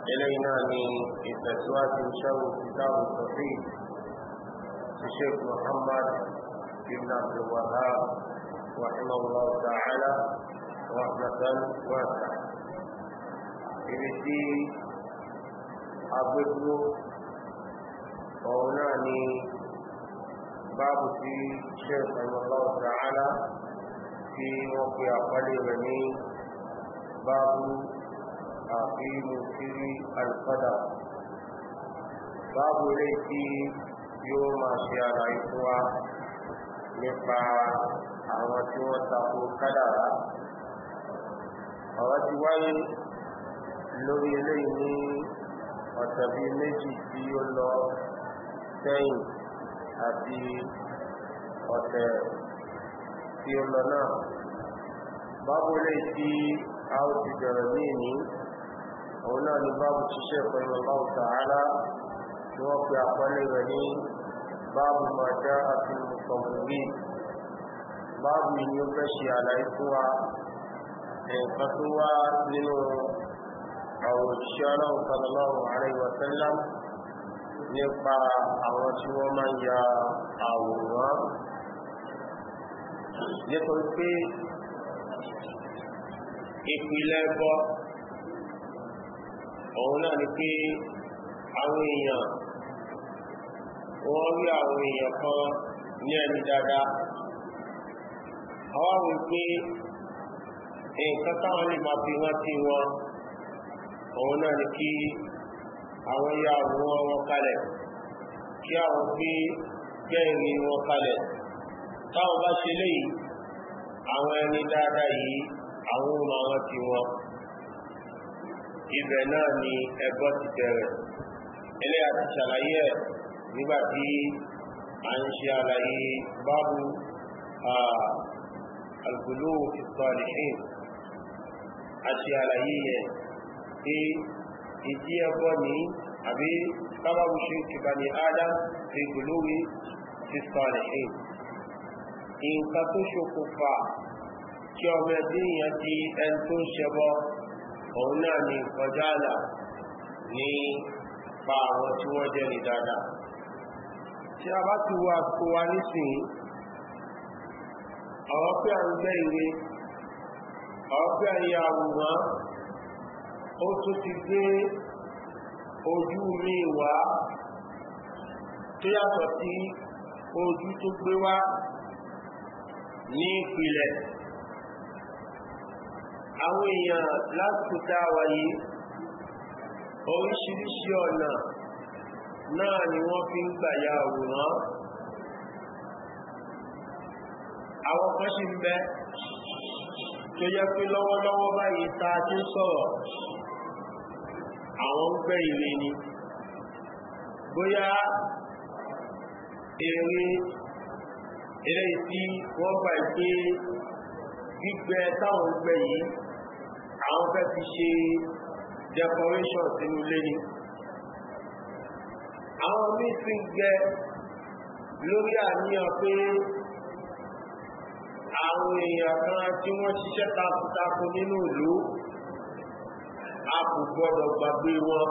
إلينا من الفتوات شر كتاب التوحيد الشيخ محمد بن عبد الوهاب رحمه الله تعالى رحمة واسعة إبتي أبدو أولاني باب في الشيخ رحمه الله تعالى في موقع قليل باب التعظيم في القدر باب ليتي يوم شعر إخوة نفع أوتي وتقو قدر أوتي وي لوري ليني وتبي ميجي في الله سين أبي أوتي في الله باب ليتي أوتي جرميني òun náà ni báàbù ṣiṣẹ́ pẹ̀lú ọlọ́run tààlà tí wọ́n pe àpọ́lé rẹ̀ ní báàbù màjá àti mùsọ̀mùrí báàbù ni ó fẹ́ ṣe àlàyé fún wa nǹkan tó wá nínú àwọn òṣìṣẹ́ ọlọ́run sallallahu alaihi wa ìpìlẹ̀ ẹbọ àwọn náà ni pé àwọn èèyàn wọ́n rí àwọn èèyàn kan ní ẹni dáadáa àwọn àwọn pé nǹkan táwọn lè máa fi rántí wọn òun náà ni kí àwọn ya àwòrán wọn kalẹ̀ kí àwọn wọn kalẹ̀ táwọn bá ṣe léyìí àwọn ẹni dáadáa yìí àwọn ti wọn. ibẹ̀ náà ni ẹbọ ti bẹ̀rẹ̀ ilé àti ṣàlàyé ẹ̀ nígbàtí a ń ṣe àlàyé báàbù alkùlù ìsọ̀lẹ̀ṣìn a ṣe àlàyé ẹ̀ pé ìdí ẹbọ ní àbí sábàbù ṣe kìbàní adam fi kùlù ìsọ̀lẹ̀ṣìn nǹkan tó ṣokùnfà kí ọmọ ẹbí yẹn di ẹni tó ń ṣẹbọ òun náà ni kọjá àlà ní pa àwọn tí wọ́n jẹ́ ní dáadáa tí a bá ti wà kó wa nísìnyí àwọn pé à ń gbẹ́ ìwé àwọn pé à ń ya àwòrán ó tún ti gbé ojú mi wá tó yàtọ̀ sí ojú tó gbé wá ní ìpìlẹ̀ àwọn èèyàn lásìkòtà wà yìí oríṣiríṣi ọ̀nà náà ni wọ́n fi ń gbà ya àwòrán àwọn kan ṣì ń bẹ tó yẹ pé lọ́wọ́lọ́wọ́ báyìí ta tí ń sọ̀rọ̀ àwọn ń gbẹ́ ìrè ni bóyá èrè eré tí wọ́n gbà pé gbígbẹ táwọn ń gbẹ yìí àwọn fẹ́ fi ṣe decoration sínú ilé ni àwọn míì sì gbẹ lórí àníyàn pé àwọn èèyàn kan tí wọ́n ṣiṣẹ́ takuntakun nínú ìlú a kò gbọ́dọ̀ gbàgbé wọn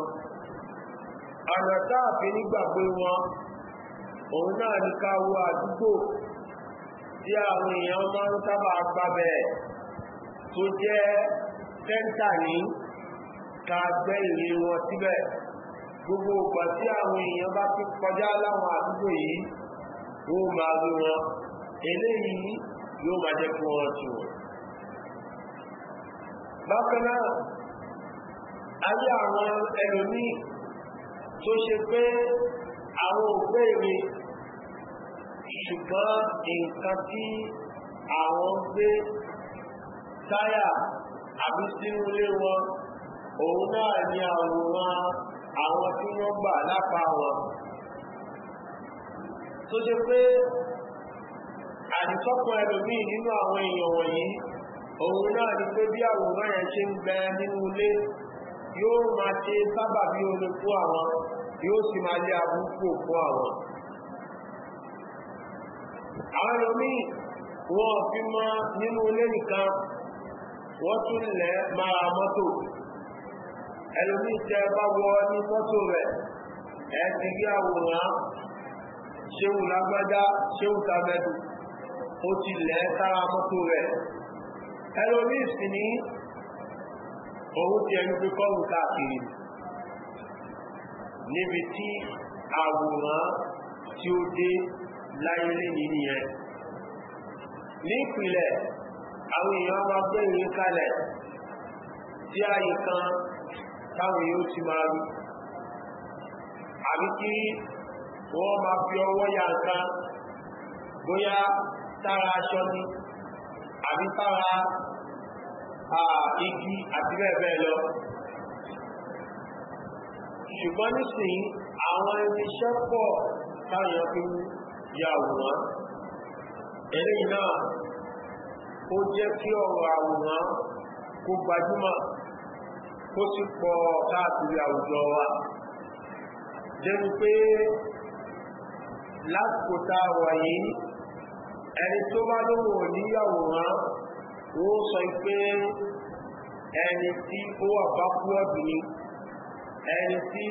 ọ̀nà táàfi nígbàgbé wọn òun náà ní ká wo àdúgbò tí àwọn èèyàn máa ń sábà gbàbẹ̀ tó jẹ́ sẹ́ńtà ní ká gbẹ́ ìlé wọn síbẹ̀ gbogbo ọgbà tí àwọn èèyàn bá ti kọjá láwọn àdúgbò yìí ó máa rí wọn eléyìí yóò máa jẹ́ kí wọ́n ti wọ̀ bákan náà ayé àwọn ẹlòmíì tó ṣe pé àwọn òbéèrè ṣùgbọ́n nǹkan tí àwọn gbé táyà àbí sínú ilé wọn òun náà ni àwòrán àwọn tí wọ́n gbà lápá wọn tó ṣe pé àdìsọ́kàn ẹlòmíì nínú àwọn èèyàn wọ̀nyí òun náà ni pé bí àwòrán yẹn ṣe ń bẹ nínú ilé yóò máa ṣe sábà bí omi fún àwọn yóò sì máa lé abúkù fún àwọn àwọn ẹlòmíì wọn fi mọ nínú ilé nìkan wọ́n tún lẹ̀ mára mọ́tò ẹlòmí tẹ bá wọ ní mọ́tò rẹ̀ ẹ ti rí àwòrán ṣéhùn lágbájá ṣéhùn tàbẹ́dù ó ti lẹ̀ sára mọ́tò rẹ̀ ẹlòmí sì ní òun ti ẹnu pípọ́ òun káàkiri níbi tí àwòrán tí ó dé láyé lé nìyẹn ní ìpìlẹ̀ àwọn èèyàn máa gbé ìwé kalẹ̀ sí ààyè kan táwọn èèyàn ti máa rí àbí kí wọ́n máa fi ọwọ́ ya nǹkan bóyá tára aṣọ ni àbí tára igi àti bẹ́ẹ̀ bẹ́ẹ̀ lọ ṣùgbọ́n nísìnyí àwọn irinṣẹ́ pọ̀ táwọn èèyàn fi ya òun eléyìí náà ó jẹ́ kí ọ̀rọ̀ àwòrán kó gbajúmọ̀ kó sì pọ̀ káàkiri àwùjọ wa jẹ́nu pé lásìkò tá a wà yìí ẹni tó bá lóhùn níyàwòrán ó sọ pé ẹni tí ó wà bá kú ọ̀dùn ni ẹni tí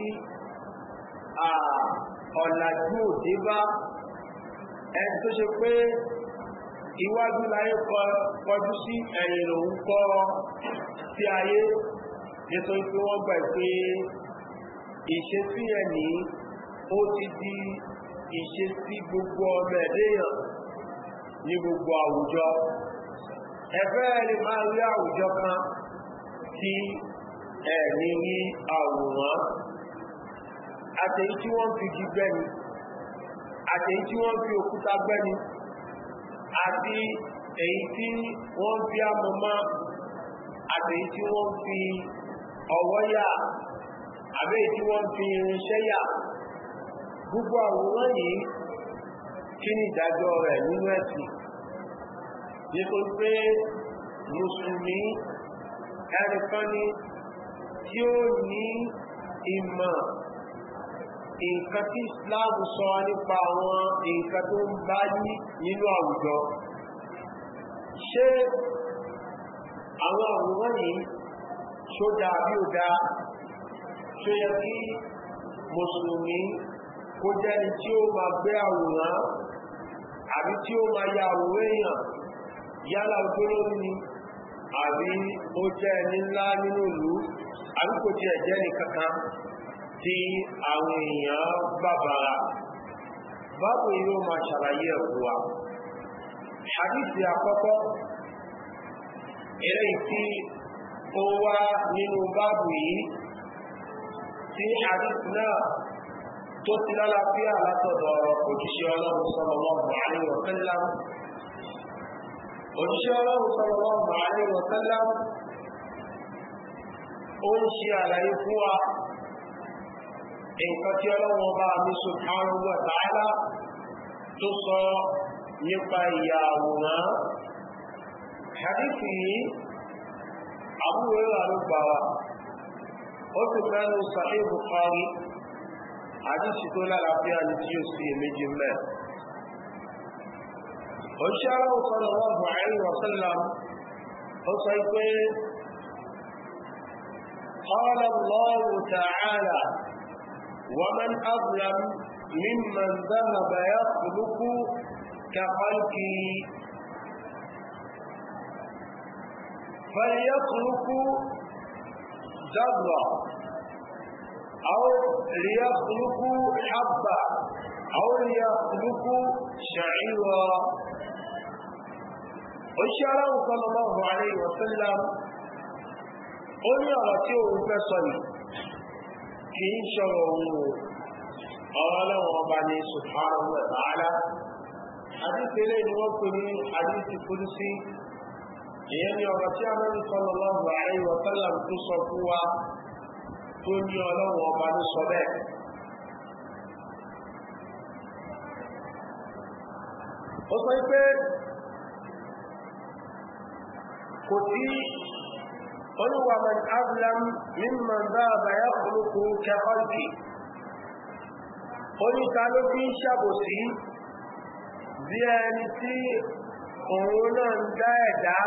ọ̀làjú òdé bá ẹni tó ṣe pé iwájú láyé kọjú sí ẹ̀yìn lòun kọ́ sí ayé nítorí pé wọ́n gbà pé ìṣesí ẹ̀ ní ó ti di ìṣesí gbogbo ọmọ ẹ̀dẹ́yàn ní gbogbo àwùjọ ẹ̀fẹ́ ẹni máa rí àwùjọ kan tí ẹ̀rí ní àwòrán àtẹ̀yí tí wọ́n fi jí gbẹ́ni àtẹ̀yí tí wọ́n fi òkúta gbẹ́ni àti èyí tí wọ́n fi amọ̀mọ́ àti èyí tí wọ́n fi ọwọ́ yà àbí èyí tí wọ́n fi irinṣẹ́ yà gbogbo àwòrán yìí kí ni ìdájọ́ rẹ̀ nínú ẹ̀sìn nítorí pé mùsùlùmí ẹnìkan ni tí ó ní ìmọ̀ nǹkan tí islam sọ nípa àwọn nǹkan tó ń bá yí nínú àwùjọ ṣé àwọn àwòrán yìí ṣó dáa bí ó dáa ṣó yẹ kí mùsùlùmí kó jẹ́ tí ó ma gbé àwòrán àbí tí ó ma ya àwòrán èèyàn yálà ojúlórí ni àbí ó jẹ́ ẹni ńlá nínú ìlú àbí tí àwọn èèyàn bàbára báwo yóò máa ṣàlàyé ẹ̀kú wa hadithi àkọ́kọ́ eléyìí tí ó wá nínú báàbù yìí tí hadith náà tó ti lálàáfíà látọ̀dọ̀ òjíṣẹ́ ọlọ́run sallallahu alaihi wa sallam òjíṣẹ́ ọlọ́run sallallahu alaihi wa sallam ó ń ṣe àlàyé fún wa nǹkan tí ọlọ́wọ́n bá mi subhanahu wa ta'ala tó sọ nípa ìyà àwòrán hadithi yìí àbúrò rà ló gbà wá ó sì mẹ́nu sahih bukhari hadithi tó lálàáfíà ní tí ó sì èméjì mẹ́ òṣìṣẹ́ ọlọ́wọ́ sallallahu alaihi ó sọ pé قال الله تعالى ومن أظلم ممن ذهب يخلق كخلقي فليخلق ذرة أو ليخلق حبة أو ليخلق شعيرا وشعره صلى الله عليه وسلم قل يا رسول الله kì í ṣọ̀rọ̀ òun o ọlọ́wọ́ ọba ní subhanahu wa ta'ala àdìsí ni wọ́n pè ní àdìsí ìyẹn ni ọ̀rọ̀ tí anábì sallallahu alaihi wa sallam tó sọ fún wa tó ní ọlọ́wọ́ ọba sọ olúwa man ablam mímọ̀ dáàbà yá kúrúkú kẹfọ́lì oníta ló fi ń ṣàbòsí bí ẹni tí òun náà ń dá ẹ̀dá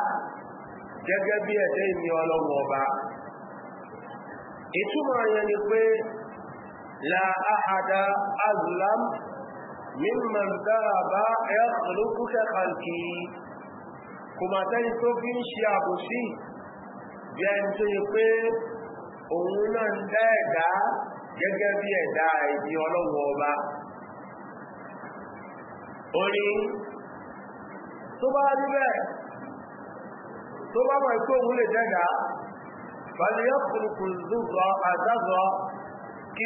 gẹ́gẹ́ bí ẹ̀dẹ́ ìní ọlọ́wọ́ ọba ìtumọ̀ yẹn ni pé la ahada azlam mímọ̀ dáàbà yá kúrúkú kẹfọ́lì kò mà tẹ́ni tó fi ń ṣe àbòsí bí ẹni tó yẹ pé òun náà ń dá ẹ̀dá gẹ́gẹ́ bí ẹ̀dá ìdí ọlọ́wọ́ ọba ó ní tó bá rí bẹ́ẹ̀ tó bá mọ̀ pé òun lè dẹ́gà fàlẹ́yọ́ kùnkùn zúzọ àzázọ kí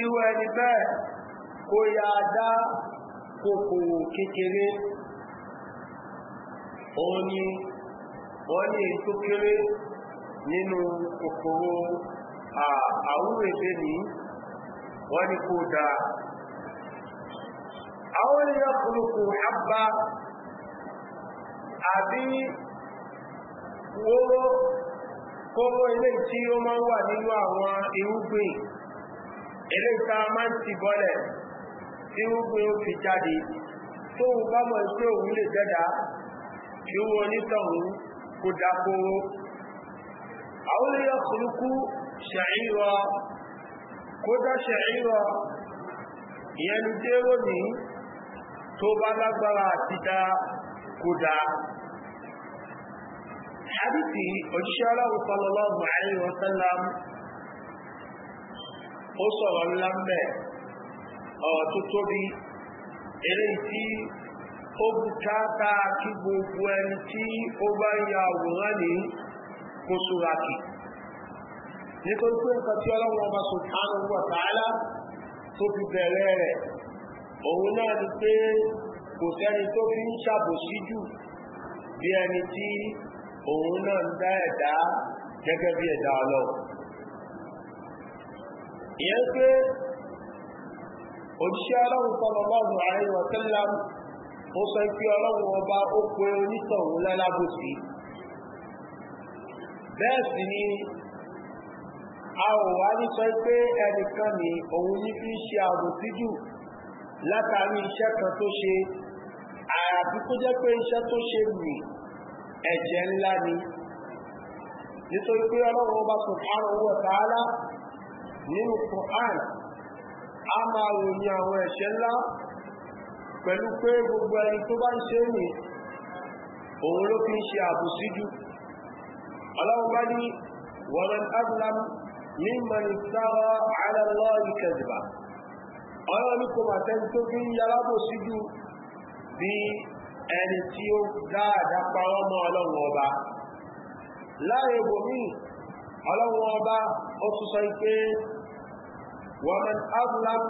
ya dá kòkòrò kékeré òun ni wọ́n ní nínú kòkòrò àwúrẹ̀lẹ́ ní wọ́n ni kó dáa àwọn ènìyàn kòròkò àbá àbí wóró kóró ilé tí ó máa wà nínú àwọn irúgbìn ilé ta máa ti bọ́lẹ̀ tí irúgbìn ó fi jáde tó bá mọ̀ sí òun lè dẹ́dà kí wọ́n onítọ̀hún kó dákóró àwọn yakhluqu sha'ira kódà sha'ira ìyẹnu dérò ní tó bá lágbára àti dá kódà hadithi òjíṣẹ́ aláwọ̀ sallallahu alaihi wa sallam ó sọ̀rọ̀ ńlá mẹ́ ọ̀rọ̀ tó tóbi kí kó súra kì nítorí pé nǹkan tí ọlọ́run ọba subhanahu wa ta'ala tó fi bẹ̀rẹ̀ rẹ̀ òun náà ni pé kò sẹ́ni tó fi ń ṣàbòsí jù bí ẹni tí òun náà ń dá ẹ̀dá gẹ́gẹ́ bí ẹ̀dá ọlọ́run ìyẹn pé òjíṣẹ́ ọlọ́run sallallahu alaihi wa sallam ó sọ pé ọlọ́run ọba ó pe onítọ̀hún lálábòsí bẹ́ẹ̀ sì ni a ò wá ní sọ pé ẹnìkan ni òun ní fi ṣe àbòsí jù látàrí iṣẹ́ kan tó ṣe àyàfi tó jẹ́ pé iṣẹ́ tó ṣe mì ẹ̀jẹ̀ ńlá ni nítorí pé ọlọ́run ọba subhanahu wa ta'ala nínú Qur'an a máa ròyìn àwọn ẹ̀ṣẹ̀ ńlá pẹ̀lú pé gbogbo ẹni tó bá ń ṣe mì òun ló fi ń ṣe àbòsí jù قالوا بني ومن أظلم ممن افترى على الله كذبا قالوا لكم أتنتم في يلاب سجو بي أنتيو دا دا قرام على الله لا يبغي على الله أصوصيك ومن أظلم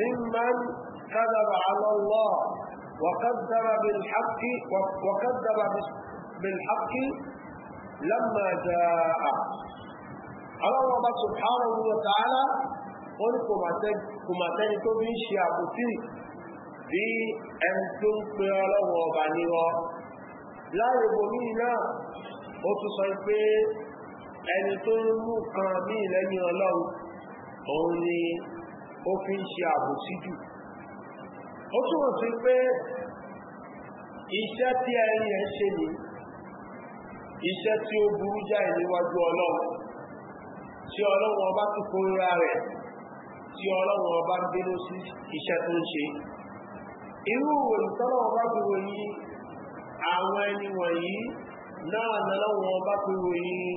ممن كذب على الله وكذب بالحق وكذب بالحق lọ́mọ jẹ́ àwọn ọba subhanahu wa ta'ala wọ́n ní kò mà tẹ́ni tó bí ń ṣe àbùtì bí ẹni tó ń pe ọlọ́wọ́ ọba ní ọ láàyè bòmí náà ó tún sọ pé ẹni tó ń mú kan ní ìlẹ́yìn ọlọ́run òun ni ó fi ń ṣe àbùtì jù ó túnmọ̀ sí pé iṣẹ́ tí ẹni ẹ̀ ṣe nìyí iṣẹ́ tí ó burú jáì níwájú ọlọ́run tí ọlọ́run ọba tó kórìíra rẹ̀ tí ọlọ́run ọba ń bínú sí iṣẹ́ tó ń ṣe irú ìròyìn tọ́lọ́ ọba fi ròyìn àwọn ẹni wọ̀nyí náà lọ́wọ́ ọba fi ròyìn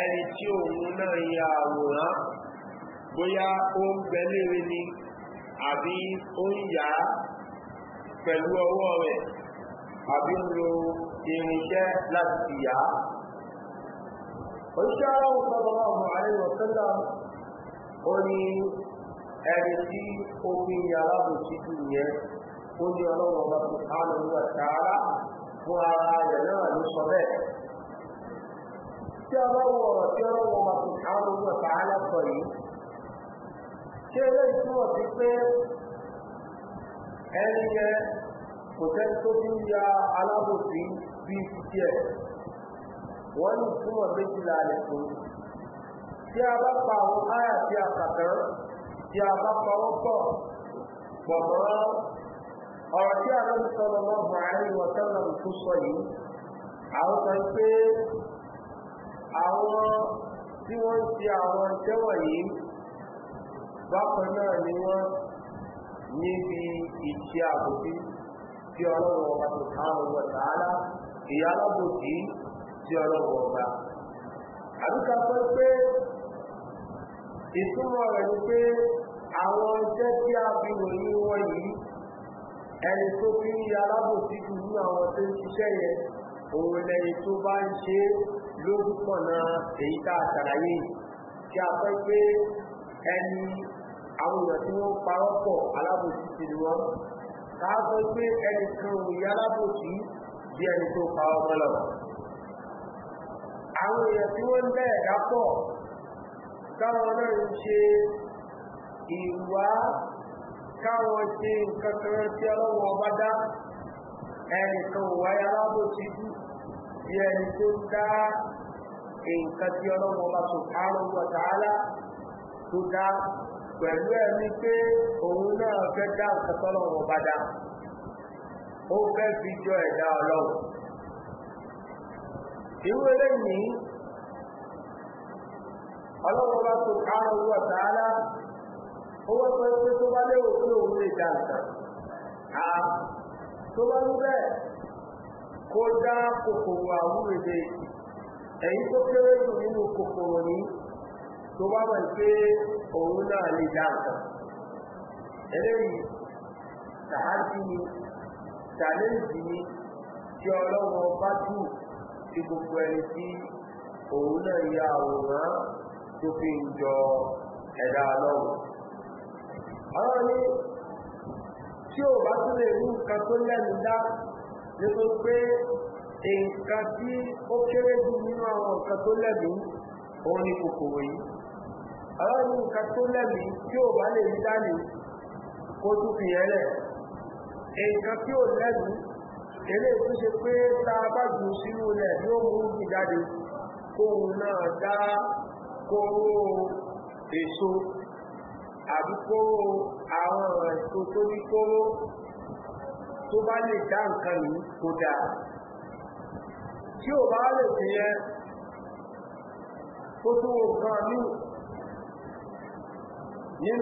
ẹni tí òun náà ya àwòrán bóyá ó ń gbẹ́lére ni àbí ó ń yá pẹ̀lú ọwọ́ rẹ̀ àbí ń lo irinṣẹ́ láti fi yá. Oṣù aláwọ̀ sọ́dọ̀ ọmọ àríwọ̀ sọ́dọ̀ ó ní ẹni tí ó fi ń yàrá bò títù yẹn ó ní ọlọ́wọ́ ọba tó sáré wà sáárá fún ara rẹ̀ náà ló sọ bẹ́ẹ̀. Tí ọlọ́wọ́ ọ̀rọ̀ tí ọlọ́wọ́ ọba tó sáré wà sáárá sọ yìí, ṣé eléyìí túmọ̀ sí pé ẹni yẹn kò tẹ́ tó fi ń ya alábòsí bíi títí ẹ̀ wọ́n ní ìtumọ̀ méjìlá rẹ̀ tó tí a bá pa àwọn áyà tí a kà tán tí a bá pa wọ́n pọ̀ pọ̀ mọ́ ọ̀rọ̀ tí àwọn ìsọ̀rọ̀ wọn bọ̀ àárín wọn tẹ́lẹ̀ tó sọ yìí àwọn sọ pé àwọn tí wọ́n ń ṣe àwọn tẹ́wọ̀n yìí bákan náà ni wọ́n níbi ìṣe àbòbí tí ọlọ́run ọba tó ká àwọn ọ̀tá aláàbò ìyá alábòsí tí ọlọ́wọ́ ọba àdúgbà pé pé ìtumọ̀ rẹ̀ ni pé àwọn ọjọ́ tí a fi ròyìn wọn yìí ẹni tó fi ń ya alábòsí jù ní àwọn tó ń ṣiṣẹ́ yẹn òun lẹ́yìn tó bá ń ṣe lórúkọ náà èyí tá a ṣàlàyé tí a fẹ́ pé ẹni àwọn èèyàn tí wọ́n parọ́ pọ̀ alábòsí ti ni wọ́n ká fẹ́ pé ẹnìkan ò ya alábòsí bí ẹni tó pa ọmọ lọ àwọn èèyàn tí wọ́n ń bẹ́ káwọn náà ń ṣe ìwà káwọn ṣe nǹkan kan tí ọlọ́wọ́ ọba dá ẹnìkan ò wáyé ya jù bí tó ń dá nǹkan tí ọlọ́wọ́ ọba subhanahu wa ta'ala tó dá ya ẹni pé òun náà fẹ́ dá nǹkan tọ́lọ́wọ́ ọba dá. ó fẹ́ fi jọ ẹ̀dá ọlọ́run irú eléyìí ọlọ́run bá tó kárọ̀ wọ̀ tààlà ó wọ́n pẹ́ pé tó bá léwu pé òun lè dà nǹkan a tó bá ń bẹ́ẹ̀ kó dá kòkòrò àwúrèdè ẹ̀yìn tó kéré jù nínú kòkòrò ní tó bá mọ̀ pé òun náà lè dà nǹkan eléyìí tààdì ni challenge ni tí ọlọ́wọ́ bá jù tí gbogbo ẹni tí òun náà ya àwòrán tó fi ń jọ ẹ̀dá ọlọ́wọ́. àwọn ní tí ò bá tún lè rí nǹkan tó lẹ́nu dá nítorí pé nǹkan tí ó kéré jù nínú àwọn nǹkan tó lẹ́nu òun ni kòkòrò yìí. àwọn ní nǹkan tó lẹ́nu tí ò bá lè rí dání kó tún fi yẹn lẹ̀. nǹkan tí ò lẹ́nu eré tó pé tá a bá jù sínú ilẹ̀ yóò mú jù jáde kóhun náà dá èso àbí àwọn tó ní tó bá lè dá nǹkan yìí kó tí ò bá lè fi yẹn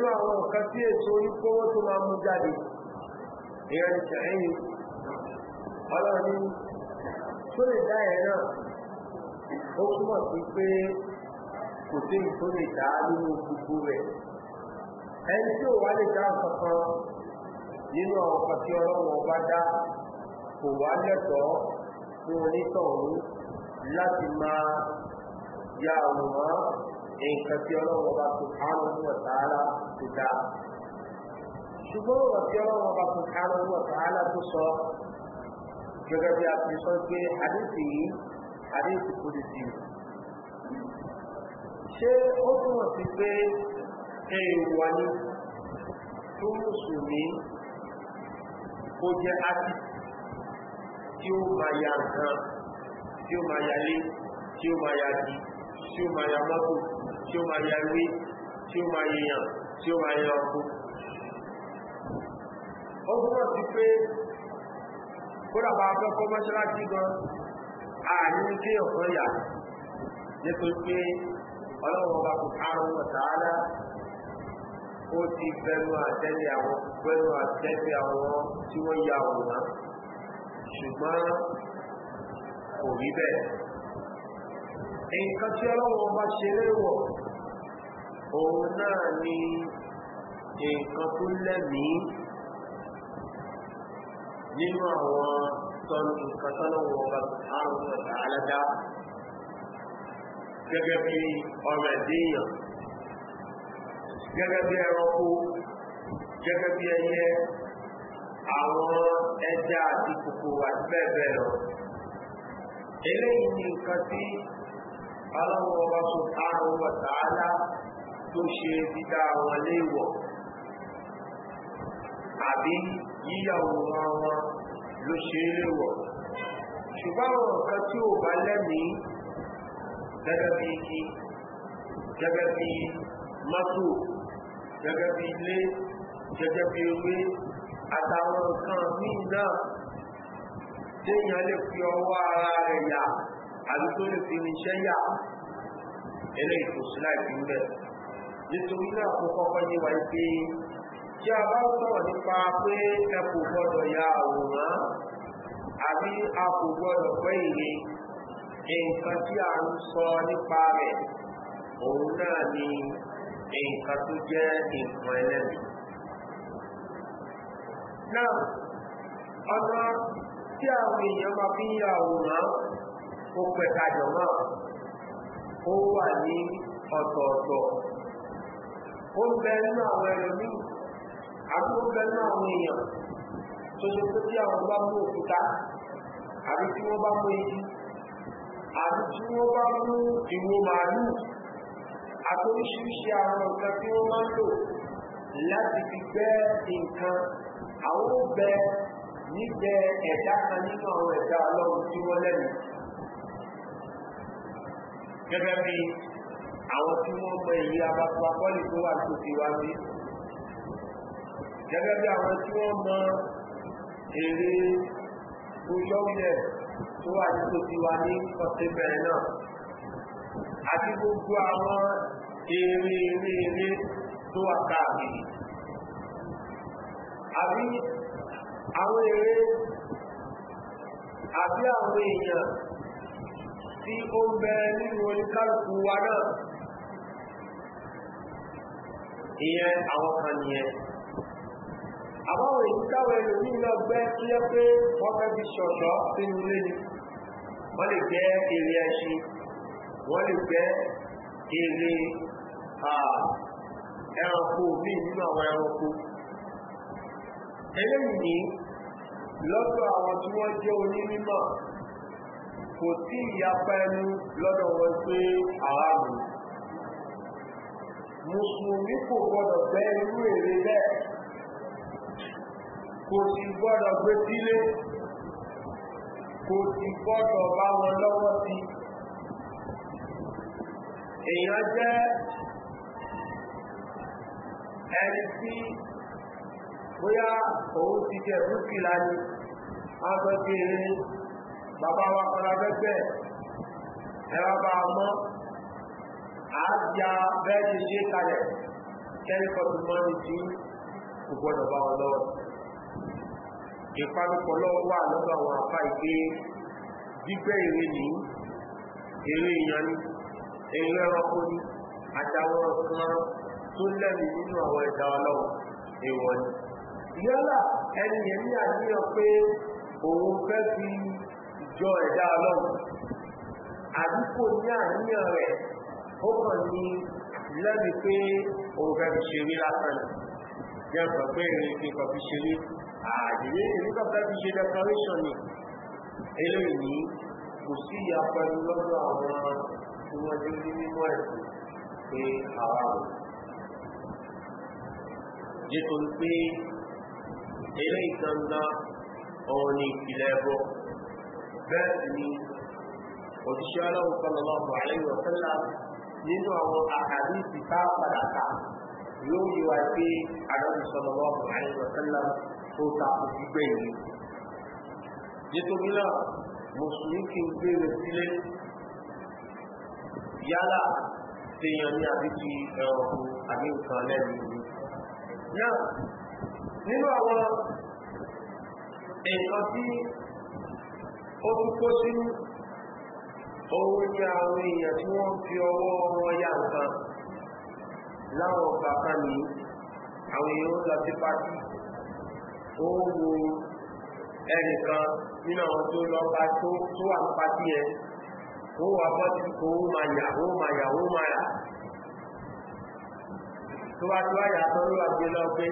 nǹkan يستعين ọlọ́run tó lè dá ẹ̀ náà ó túmọ̀ sí pé kò sí tó lè dá nínú gbogbo rẹ̀ ẹni tí ò wá lè dá kankan nínú àwọn kan tí ọlọ́run dá kò wá lẹ́tọ̀ọ́ fún onítọ̀hún láti máa ya àwòrán nǹkan tí ọlọ́run ọba tó kánú fún ọ̀tá ara tó dáa ṣùgbọ́n ọ̀rọ̀ tí ọlọ́run ọba kan ká lọ́wọ́ tààlà tó sọ gẹ́gẹ́ bí a ti sọ pé àdéhùn yìí àdéhùn kò lè sí. ṣé ó túmọ̀ sí pé èèwọ̀ ni tó mùsùlùmí kó jẹ́ áti tí ó máa ya nǹkan tí ó máa yalé tí ó máa yagi tí ó máa ya mọ́tò tí ó máa ya tí ó máa yẹ̀yàn tí ó máa yẹ ọkùn ó túnmọ̀ sí pé kódà bá fẹ́ kọ́ mọ́ṣáláṣí gan ààrin kí ọ̀kan yà nítorí pé ọlọ́run ọba kò kárùn ún ọ̀tàálá ó ti fẹnu àtẹ́lẹ̀ àwọn fẹnu àtẹ́lẹ̀ àwọn tí wọ́n ya ọ̀nà ṣùgbọ́n kò rí bẹ́ẹ̀ nǹkan tí ọlọ́run ọba ṣe léwọ̀ òun náà ni nǹkan tó lẹ́mìí nínú àwọn tọ́nu nǹkan tọ́nà wọn bá àrùn ọ̀tà aládá gẹ́gẹ́ bí ọmọ ẹ̀dẹ́yàn gẹ́gẹ́ bí ẹranko gẹ́gẹ́ bí ẹyẹ àwọn ẹja àti kòkòrò àti bẹ́ẹ̀ eléyìí ni nǹkan tí ọlọ́run ọba sọ àrùn ọ̀tà alá tó ṣe dídá àwọn léèwọ̀ àbí yíyàwòrán wọn ló ṣe é léwọ̀ ṣùgbọ́n àwọn nǹkan tí ò bá lẹ́mìí gẹ́gẹ́ bí igi gẹ́gẹ́ bí mọ́tò gẹ́gẹ́ bí ilé gẹ́gẹ́ bí ewé àtàwọn nǹkan míì náà téèyàn lè fi ọwọ́ ara rẹ̀ yà àbí tó lè fi irinṣẹ́ yà eléyìí kò sí láì nítorí náà kó kọ́kọ́ yé wa pé tí a bá sọ̀rọ̀ nípa pé ẹ kò ya àwòrán àbí a kò gbọ́dọ̀ pẹ́ ìwé nǹkan tí a ń sọ nípa rẹ̀ òun náà ni nǹkan tó jẹ́ nǹkan ẹlẹ́nu. náà ọ̀nà tí àwọn èèyàn máa fi ń ya àwòrán ó pẹ̀ka jọ̀mọ́ àbí ó bẹ náà àwọn èèyàn tó ṣe pé bí àwọn bá mú òkúta àbí tí wọ́n bá mú igi àbí tí wọ́n bá mú ìwo màálù àti oríṣiríṣi àwọn nǹkan tí wọ́n máa ń lò láti fi gbẹ́ nǹkan àwọn ó bẹ níbẹ̀ ẹ̀dá kan nínú àwọn ẹ̀dá ọlọ́run tí wọ́n lẹ́nu gẹ́gẹ́ bí àwọn tí wọ́n mọ èyí abapapọ́lì tó wà tó ti wá sí gẹ́gẹ́ bí àwọn tí wọ́n mọ èrè oṣọ́wílẹ̀ tó wà ní tòsí wa ní ọ̀sẹ̀ bẹ̀rẹ̀ náà àti gbogbo àwọn èrè èrè èrè tó wà káàkiri àbí àwọn èrè àbí àwọn èèyàn tí ó ń bẹ nínú oníkálùkù wa náà ìyẹn àwọn kan nìyẹn àbáwọn èyí táwọn ẹlòmíì náà gbẹ́ tó yẹ pé wọ́n fẹ́ fi ṣọ̀ṣọ́ sínú ilé ni wọ́n lè gbẹ́ èrè ẹṣin wọ́n lè gbẹ́ èrè ẹranko bí nínú àwọn ẹranko eléyìí ní lọ́dọ̀ àwọn tí wọ́n jẹ́ onímọ̀ kò tí ìyapa ẹnu lọ́dọ̀ wọn pé aráàlú mùsùlùmí kò gbọdọ̀ bẹ́ irú èrè bẹ́ẹ̀ kò sì gbọ́dọ̀ gbé sílé kò sì gbọ́dọ̀ bá wọn lọ́wọ́ sí èèyàn jẹ́ ẹni tí bóyá òun ti jẹ dúkìlá ni wọ́n sọ pé eré bàbá wa kọ́ra gbẹ́gbẹ́ ẹ̀rọ bá mọ́ àájá bẹ́ẹ̀ ṣe ṣe kalẹ̀ kẹ́ríkọ̀tù mọ́ ni tí kò gbọ́dọ̀ bá wọn lọ́wọ́ ìpanupọ̀lọ́ wà lọ́dọ̀ àwọn àpá ìgbé gbígbẹ́ èrè ní èrè èèyàn ní èrè ẹranko ní àtàwọn ọ̀sán tó lẹ́nu nínú àwọn ẹ̀dá ọlọ́run èèwọ̀ ni yálà ẹni yẹn ní àníyàn pé òun fẹ́ fi ìjọ ẹ̀dá ọlọ́run àbí ní àníyàn rẹ̀ ó kàn ní lẹ́nu pé òun fẹ́ fi ṣeré lásán ni jẹ́ sọ pé ìrìn ìpín kan fi ṣe rí àdìyẹ ìrìnkọ̀ fẹ́ fi ṣe declaration ni eléyìí kò sí apẹ̀lú lọ́dọ̀ àwọn tí wọ́n jẹ́ ní mímọ́ ẹ̀sìn pé ara rẹ̀ nítorí pé eléyìí gangan ọ̀rọ̀ ni ìpìlẹ̀ ẹbọ bẹ́ẹ̀ sì ni òṣìṣẹ́ aláwọ̀ sọ́lọ́lọ́pọ̀ àlẹ́yìn ọ̀fẹ́lá nínú àwọn àkàdé ìsìká padà ká yóò yí wa pé àdókò sọ̀rọ̀ wọn kò àyè lọ́sẹ̀lá ó ta òbí gbẹ̀yìn. nítorí náà mùsùlùmí kì í gbére sílé yálà téèyàn ní àbíkí ẹranko àbí nǹkan lẹ́nu ìlú. náà nínú àwọn nǹkan tí ó tún kó sínú òun ni àwọn èèyàn tí wọ́n fi ọwọ́ wọn yá nǹkan láwọn ọ̀gá kan ní àwọn èèyàn lọ sí pátì ó wo ẹnìkan nínú àwọn tó lọ bá tó wà ní pátì yẹn ó wà bọ́tì kó ó máa yà ó máa yà ó máa yà tó bá tó àyà tó ló wà gbé lọ pé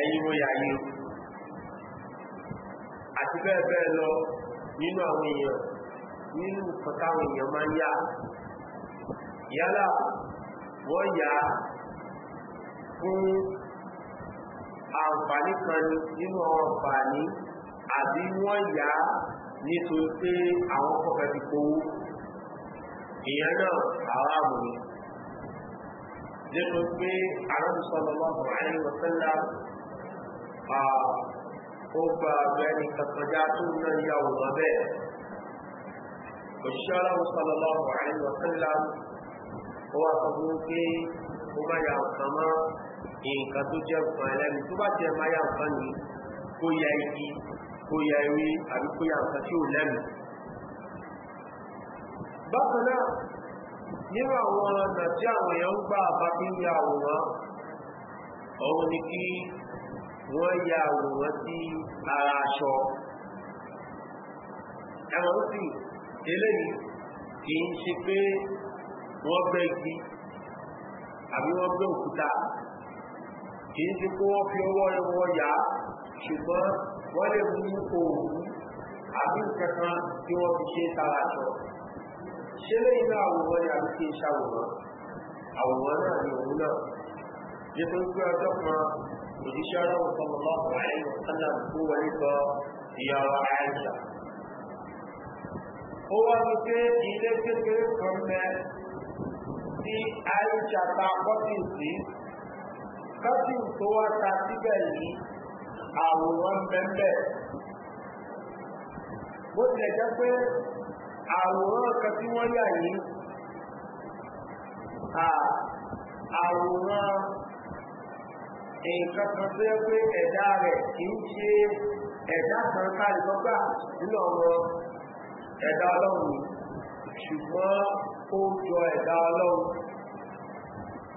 ẹ̀yin mo yà yìí àti bẹ́ẹ̀ bẹ́ẹ̀ lọ nínú àwọn èèyàn nínú kọ̀ọ̀kan àwọn èèyàn máa ń yà yálà wọ́n yà á fún àǹfààní kan nínú àǹfààní àbí wọ́n yà á nítorí pé àwọn kọ̀ọ̀kan ti kówó ìyẹn náà àwọn àmì nínú pé àrùnsọ̀lọ́lọ́pọ̀ àìwọ̀sẹ́lá ó gba ọ̀gbẹ́ni kankanjá tó náà yà wọ̀n bẹ́ẹ̀ òṣìṣẹ́ ọlọ́run sọ̀lọ́lọ́pọ̀ àìwọ̀sẹ́lá ó wá sọ fún pé ó má ya nǹkan mọ́ nǹkan tó jẹ́ nǹkan ẹlẹ́nu tó bá jẹ́ má ya nǹkan ni kó ya igi kó ya ewé àbí kó ya nǹkan tí ò lẹ́nu bákan náà nínú àwọn ọ̀nà tí àwọn èèyàn ń gbà bá bí ya àwòrán ọ̀hún ni kí wọ́n ya àwòrán sí ara aṣọ ẹ̀wọ̀n sì eléyìí kì í ṣe pé wọ́n bẹ́ igi àbí wọ́n bẹ́ òkúta kì í ti kó wọ́n fi ọwọ́ ẹwọ́ yá ṣùgbọ́n wọ́n lè mú òògùn àbí kankan tí wọ́n fi ṣe tara sọ ṣé lẹ́yìn náà àwòrán ni àbí kí n ṣàwòrán àwòrán náà ni òun náà nítorí pé ọjọ́ kan òjíṣẹ́ ọlọ́run sọlọ́lọ́pọ̀ àìyàn sálà tó wọlé sọ ìyàwó àìsàn ó wá wípé ilé kékeré kan mẹ́ sí Aisha ta kọ́tìn sí kọ́tìn tó wá ta síbẹ̀ yìí àwòrán bẹ́ẹ̀ bó tilẹ̀ jẹ́ pé àwòrán kan tí wọ́n yà yìí àwòrán nǹkan kan tó yẹ pé ẹ̀dá rẹ̀ kì í ṣe ẹ̀dá kan káàdì lọ́gbà nínú ọ̀rọ̀ ẹ̀dá ọlọ́run ṣùgbọ́n ó jọ ẹ̀dá ọlọ́run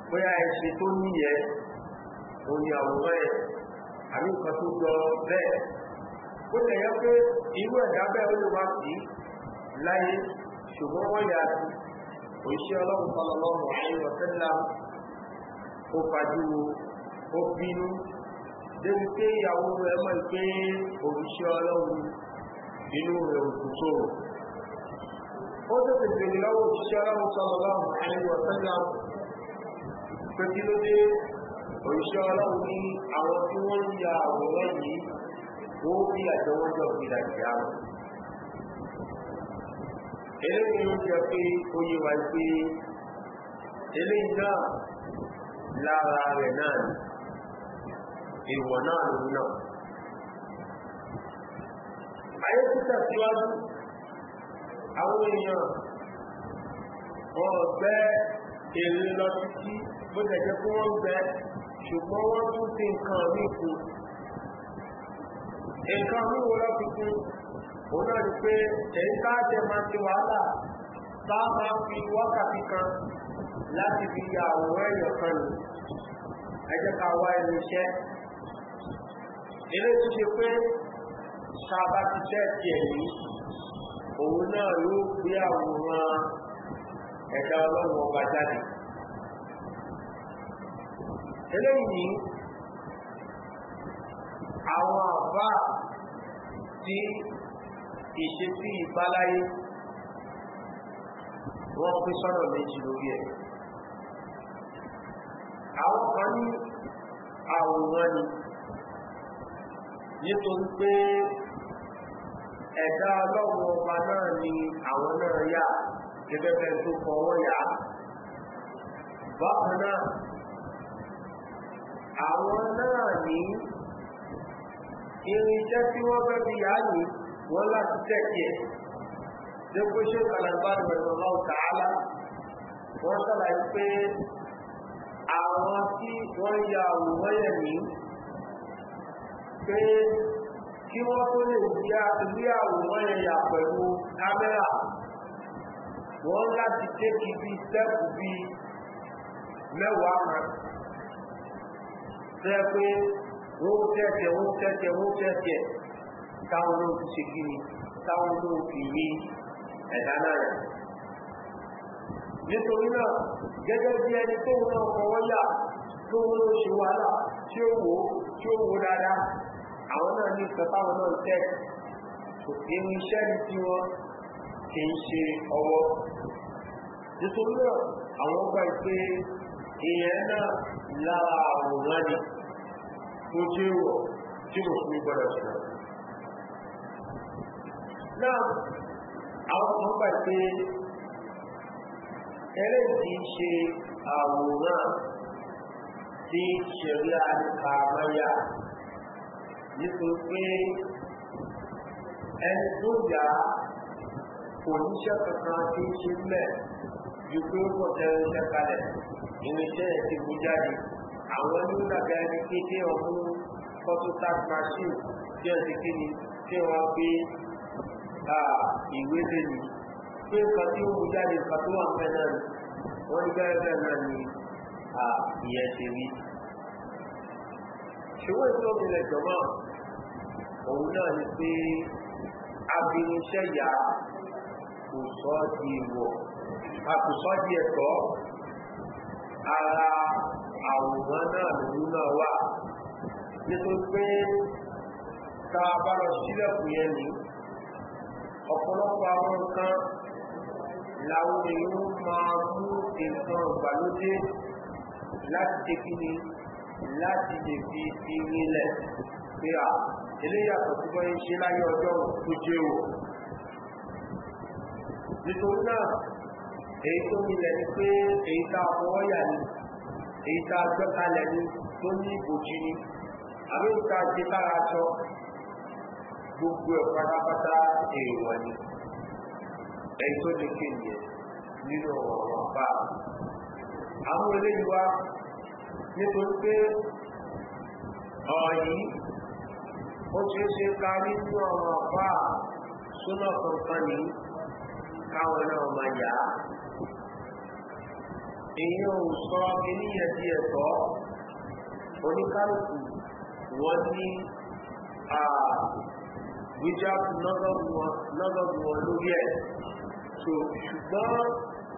bóyá ẹṣin tó níyẹ òní àwòrán ẹ̀ àbí nǹkan tó jọ bẹ́ẹ̀ ó lè yẹ pé irú ẹ̀dá bẹ́ẹ̀ ó lè wá sí láyé ṣùgbọ́n wọ́n yà sí òṣìṣẹ́ ọlọ́run sọlọ́lọ́run àìyàn ọ̀tẹ́lá ó fajú ó bínú débi pé ìyàwó rẹ̀ mọ̀ pé òṣìṣẹ́ ọlọ́run inú rẹ̀ òtútù Moses ìbèrè lọ́wọ́ òṣìṣẹ́ ọlọ́run sallallahu alaihi wa sallam pé kí ló dé òṣìṣẹ́ ọlọ́run ní àwọn tí wọ́n ń ya àwòrán yìí ó fi àjọwọ́jọ́ ìlà ìyá rẹ̀. Eléyìí ló jẹ́ pé ó yé wa pé eléyìí náà lára rẹ̀ náà ni ìwọ̀ náà lòun náà. Ayé títà síwájú àwọn èèyàn wọn gbẹ èrè lọ títí bó tẹ̀jẹ́ kó wọ́n gbẹ ṣùgbọ́n wọ́n tún ti nǹkan mí kú nǹkan mí wo lọ́fi kú òun náà ni pé èyí táàjẹ máa ti wàhálà bá máa fi wákàtí kan láti fi ya àwòrán èèyàn kan nù ẹjẹ́ ká wá ẹnu iṣẹ́ eré tó ṣe pé ṣàbá ti tẹ́ẹ̀tì ẹ̀yìn òun náà ló gbé àwòrán ẹ̀dá ọlọ́run ọba jáde eléyìí àwọn àbá tí ìṣesí ìbáláyé wọ́n pín sọ́nà méjì lórí ẹ̀ àwọn kan ní àwòrán ni nítorí pé ẹ̀dá ọlọ́run ọba náà ni àwọn náà yà gẹ́gẹ́ bẹ́ẹ̀ tó fọwọ́ yà á bákan náà àwọn náà ní irinṣẹ́ tí wọ́n fẹ́ fi yà á ní wọ́n láti tẹ̀kẹ̀ dépò ṣé kàlàbáàdì rẹ̀ lọ́wọ́ tààlà wọ́n ṣàlàyé pé àwọn tí wọ́n ya àwòrán yẹn ní pé kí wọ́n tó lè gbé àwòrán yẹn yà pẹ̀lú kámẹ́rà wọ́n láti tẹ́kì bí sẹ́kù bí mẹ́wàá kan tẹ́ pé wọ́n tẹ́tẹ̀ wọ́n tẹ́tẹ̀ wọ́n tẹ́tẹ̀ táwọn ló ti ṣe kí ni táwọn ló fi rí ẹ̀dá náà yẹn nítorí náà gẹ́gẹ́ bí ẹni tó ń náà fọwọ́ yà tó ń lọ ṣe wàhálà tí ó wò ó tí ó wò dáadáa àwọn náà ní nǹkan táwọn náà tẹ̀ kò sí ní iṣẹ́ ní tí wọ́n kì í ṣe ọwọ́ nítorí náà àwọn gba ìpè ìyẹn náà lára àwòrán ni tó jẹ́ wọ̀ tí mo fi gbọ́dọ̀ sọ náà àwọn kan gbà pé eré kì ṣe àwòrán tí ṣẹ̀rí àdìkàmáyà nítorí pé ẹni tó yá kò ní iṣẹ́ kankan tí ń ṣe mẹ́ ju pé ó pọ̀ tẹ́ iṣẹ́ kalẹ̀ nínú iṣẹ́ ti mú jáde àwọn onígbàgbà ẹni kéde ọdún phototype machine tí ẹ ti kéde tí wọ́n gbé ìwé lẹ́nu pé nǹkan tí ó mú jáde nǹkan tó wà mẹ́ náà wọ́n ní bẹ́ẹ̀ bẹ́ẹ̀ náà ni ìyẹn ṣe rí ṣùgbọ́n tí ó nílẹ̀ jọmọ́ òun náà ni pé abirunṣẹ́ yà kò sọ́ di ìwọ̀ a kò sọ́ di ẹ̀tọ́ ara àwòrán náà lòun náà wà nítorí pé ta bá lọ sílẹ̀kùn yẹn ni ọ̀pọ̀lọpọ̀ àwọn nǹkan làwọn èèyàn máa mú nǹkan ìgbàlódé láti ṣe kí ni láti lè fi fi nílẹ̀ pé à eléyàtọ̀ tí wọ́n ń ṣe láyé ọjọ́ tó jẹ́ o nítorí náà èyí tó nílẹ̀ ni pé èyí tá a fọwọ́ yà ni èyí tá a gbọ́ kalẹ̀ ni tó ní ìbòjì ni àbí ìta ṣe lára aṣọ gbogbo ẹ̀ pátápátá èèwọ̀ ni èyí tó lè kéde nínú ọ̀rọ̀ bá àwọn eléyìí wá nítorí pé ọ̀rọ̀ yìí ó ṣeé ṣe ká nínú ọ̀rọ̀ ọ̀pá súnà kankan ní káwọn náà máa yá èyí ò sọ eléyẹ di ẹ̀kọ́ oníkálùkù wọ́n ní gbíjà lọ́gọ́gùn wọn lórí ẹ̀ ṣùgbọ́n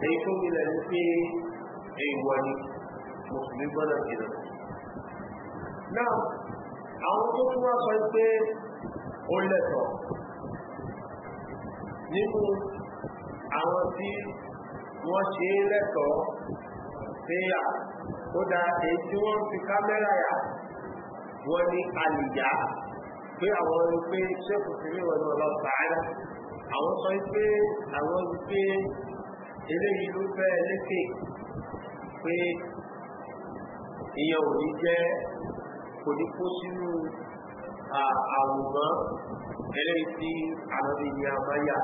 èyí tó gbilẹ̀ ní pé èèwọ̀ ni mùsùlùmí gbọ́dọ̀ jìnà náà àwọn tó tún wá sọ pé ó lẹ́tọ̀ nínú àwọn tí wọ́n ṣe lẹ́tọ̀ pé yà ó da èyí tí wọ́n fi kámẹ́rà yà wọ́n ní àlìyá pé àwọn ọ̀rọ̀ pé ṣẹ́kù fi ríwọ̀n ní ọlọ́pàá àárá àwọn sọ pé àwọn wípé eléyìí ló fẹ́ lékè pé ìyẹn ò ní jẹ́ kò ní kó sínú àwòrán eléyìí tí àwọn ènìyàn máa yà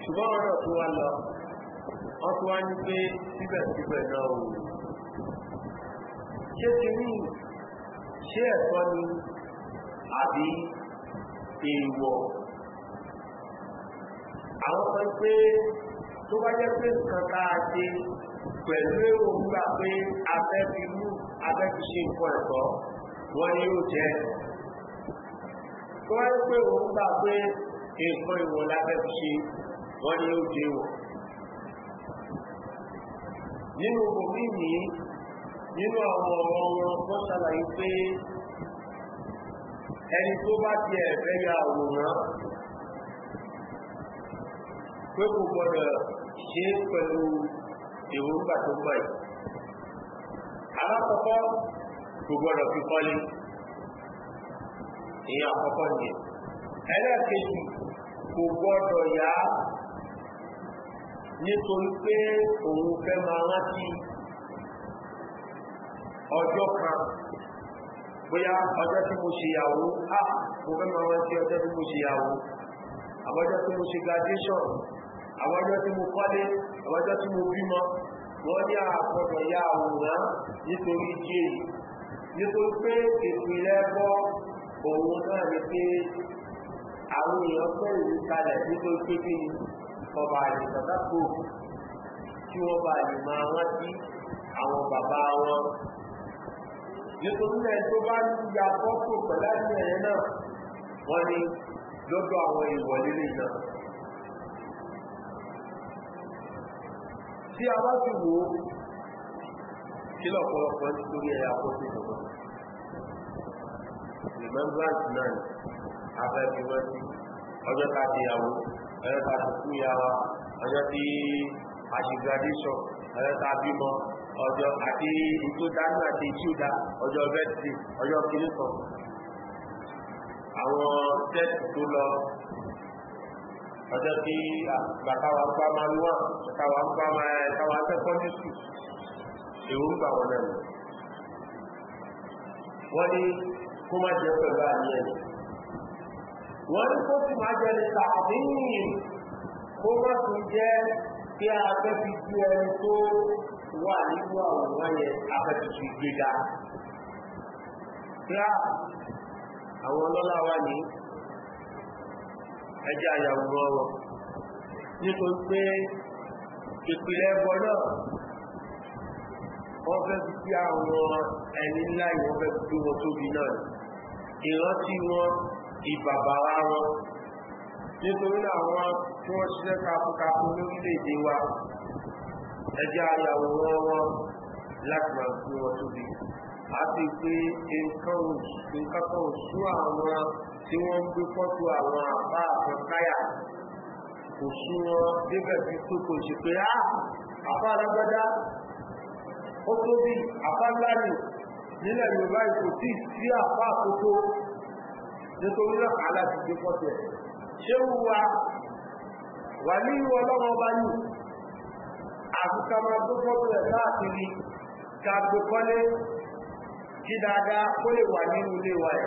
ṣùgbọ́n wọn náà tó wá lọ wọ́n tó wá ní pé síbẹ̀síbẹ̀ náà ò ṣé kìíní ṣé ẹ̀tọ́ ni àbí èèwọ̀ àwọn kan pé tó bá jẹ́ pé nǹkan tá a ṣe pẹ̀lú èròǹgbà pé abẹ́ fi mú abẹ́ fi ṣe nǹkan ẹ̀kọ́ wọ́n ni yóò jẹ́ tó bá jẹ́ pé èròǹgbà pé nǹkan ìwọ̀ lábẹ́ fi ṣe wọ́n ni yóò jẹ́ wọ̀ nínú omi ní nínú àwọn ọ̀rọ̀ wọn wọ́n ṣàlàyé pé ẹni tó bá ti ẹ̀fẹ́ ya àwòrán pé kò gbọ́dọ̀ ṣe pẹ̀lú èròǹgbà tó gbọ́ ẹ̀. alákọ̀ọ́kọ́ kò gbọ́dọ̀ fi kọ́lé ìyẹn àkọ́kọ́ ni ẹlẹ́ẹ̀kejì kò gbọ́dọ̀ yá nítorí pé òun fẹ́ máa rántí ọjọ́ kan bóyá ọjọ́ tí mo ṣe yàwó á ah, mo fẹ́ máa rántí ọjọ́ tí mo ṣe yàwó àbọ́jọ́ tí mo ṣe graduation àwọn ọjọ́ tí mo kọ́lé àwọn ọjọ́ tí mo bímọ wọ́n ní àkọ́dọ̀ ya àwòrán nítorí jẹ́ nítorí pé ìpìlẹ̀ bọ́ òun náà ni pé àwọn èèyàn fẹ́ ìlú kalẹ̀ nítorí pé kí ni ọba àdìsọ́dápò kí wọ́n bá lè máa rántí àwọn bàbá wọn nítorí náà tó bá ń ya fọ́tò pẹ̀lú àdìsọ́dápò náà wọ́n ní lọ́dọ̀ àwọn ìwọ̀lélẹ̀ náà tí a bá ti wò ó kí lọ́pọ̀lọpọ̀ nítorí ẹ̀yà àkọsí ìjọba remembrance náà ni afẹ́fẹ́ wọ́n sí ọjọ́ ta ti yàwó ọjọ́ ta ti kú ya wa ọjọ́ tí a ṣe graduation ọjọ́ ta bímọ ọjọ́ àti tó dánú àti tí dá ọjọ́ bẹ́ẹ̀tì ọjọ́ kìnnìkan àwọn tẹ́ẹ̀tì tó lọ ọjọ́ tí bàtàwà gbá máa ń wà bàtàwà gbá máa ẹ̀tàwà tẹ́kọ́lì sù èròǹgbà wọn náà wọ́n ní kó má jẹ́ pẹ̀lú àníyàn wọ́n ní kó sì má jẹ́ níta àdéhùn kó má tún jẹ́ a afẹ́ fi ju ẹni tó wà nínú àwòrán yẹn afẹ́ fi ju gbéga. àwọn ọlọ́lá wa ní ẹjẹ́ àyàwòrán ọ̀rọ̀ nítorí pé ìpìlẹ̀ ẹbọ náà wọ́n fẹ́ fi sí àwọn ẹni ńlá ìwọ́n fẹ́ fi wọn tóbi náà ìrántí wọn ìbàbàrá wọn nítorí àwọn tí wọ́n ṣiṣẹ́ kakúkakú lórílẹ̀-èdè wa ẹjẹ́ àyàwòrán wọn láti máa fi wọn tóbi àti pé nǹkan kan oṣù àwọn tí wọ́n ń gbé fọ́tò àwọn àbá àwọn káyà kò sú wọn débẹ̀ sí tó kò sí pé ah, á àbá alágbádá ó tó bí àbá láàyè nílẹ̀ yorùbá kò tí ì sí àbá àkókò nítorí náà aláti gbé fọ́tò ẹ̀ ṣé wúwa wà ní ìwọ ọlọ́mọ bá yìí àfikà máa gbé fọ́tò ẹ̀ káàkiri ká gbé kọ́lé kí dáadáa kó lè wà nínú ilé wa ẹ̀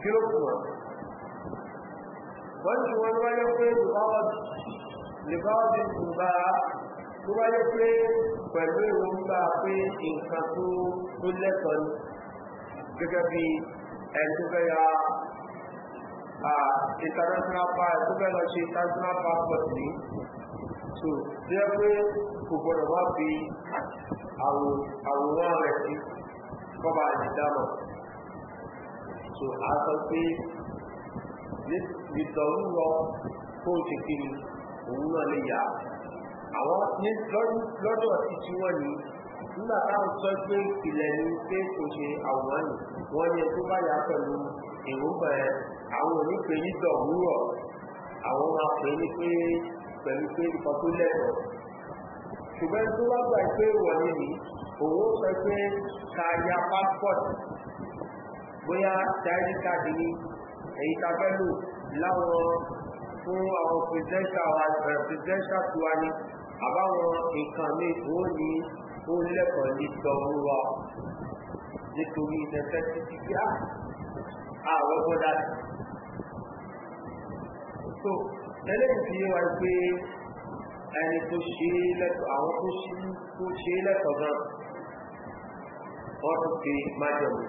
kí ló kù wọ́n. wọ́n ti wọ́n wáyé pé lùbáwọ́dì tùbá tó wáyé pé pẹ̀lú ìwọ̀nba pé nǹkan tó tó lẹ́tọ̀ọ́ ni gẹ́gẹ́ bí ẹni tó fẹ́ ya international power tó fẹ́ lọ ṣe international passport ní so jẹ́ pé kò gbọ́dọ̀ wá fi àwòrán rẹ̀ sí kọ́ba àdìdámọ̀ so a sọ pé nítorí lọ tó ṣe kiri òun náà lè yà àwọn lọ́dọ̀ ti wọ́n ní nígbà táwọn sọ pé ìpìlẹ̀ ni pé kò ṣe àwòrán nì wọ́n ní ẹjọ́ bá yà pẹ̀lú èròǹgbà ẹ̀ àwọn onípe nígbà òwúrọ̀ àwọn máa pè ní pé pẹ̀lú pé nǹkan tó lẹ́tọ̀ọ́ ṣùgbọ́n tó wá gbà pé ìwọ̀nyí nìyí òun ó sọ pé ká ya passport bóyá dáìrí káàdì ni èyí ta fẹ́ lò láwọn fún àwọn presidential tó wá ní àbáwọn nǹkan mi òun ni ó lẹ́kọ̀ọ́ ní tọrọ wa nítorí ìdẹ́fẹ́ títí bí a àwọ̀ bọ́dá so tẹ́lẹ̀ fi yé wa pé ẹni tó ṣe é lẹ́kọ̀ọ́ àwọn wọ́n tún fi májọ̀mù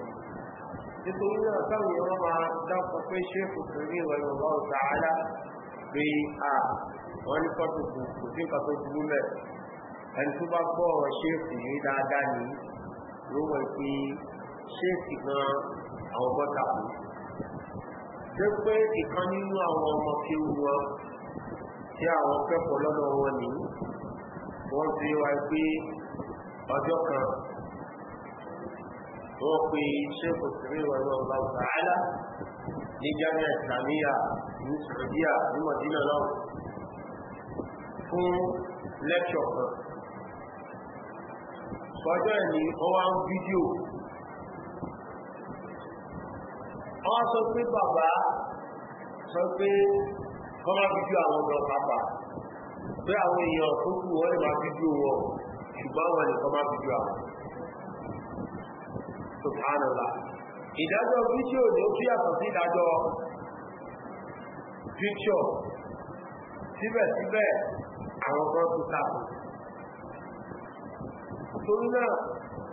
nítorí náà káwọn èèyàn máa dákọ̀ pé ṣéèkù kan ní ìwà ìwọ̀n báwọn tààlà pé à wọ́n ní fọ́tò kù kò sí nǹkan tó burú mẹ́ ẹni tó bá gbọ́ ọ̀rọ̀ ṣéèkù yìí dáadáa ní ló wọ̀ pé ṣéèkù gan àwọn bọ́tà kù ṣé pé ìkan nínú àwọn ọmọ kéwu wọn tí àwọn kẹ́kọ̀ọ́ lọ́dọ̀ wọn ní wọ́n ti wá pé ọjọ́ kan wọ́n pe ṣẹ́kù sírí ọ̀rọ̀ ọ̀làwọ̀ tààlà ní jami'a islamiyya ní saudiya ní madina náà fún lẹ́kṣọ̀ kan sọ́jọ́ ẹ̀ ní ọwá ń fídíò wọ́n sọ pé bàbá sọ pé kọ́má fídíò àwọn ọ̀dọ́ pápá pé àwọn èèyàn tó kù wọ́n lè máa fídíò wọn ṣùgbọ́n wọn lè kọ́má fídíò àwọn subhanallah ìdájọ́ fídíò ni ó fi àtọ̀ sí ìdájọ́ fídíò síbẹ̀síbẹ̀ àwọn kan tó tàbí torí náà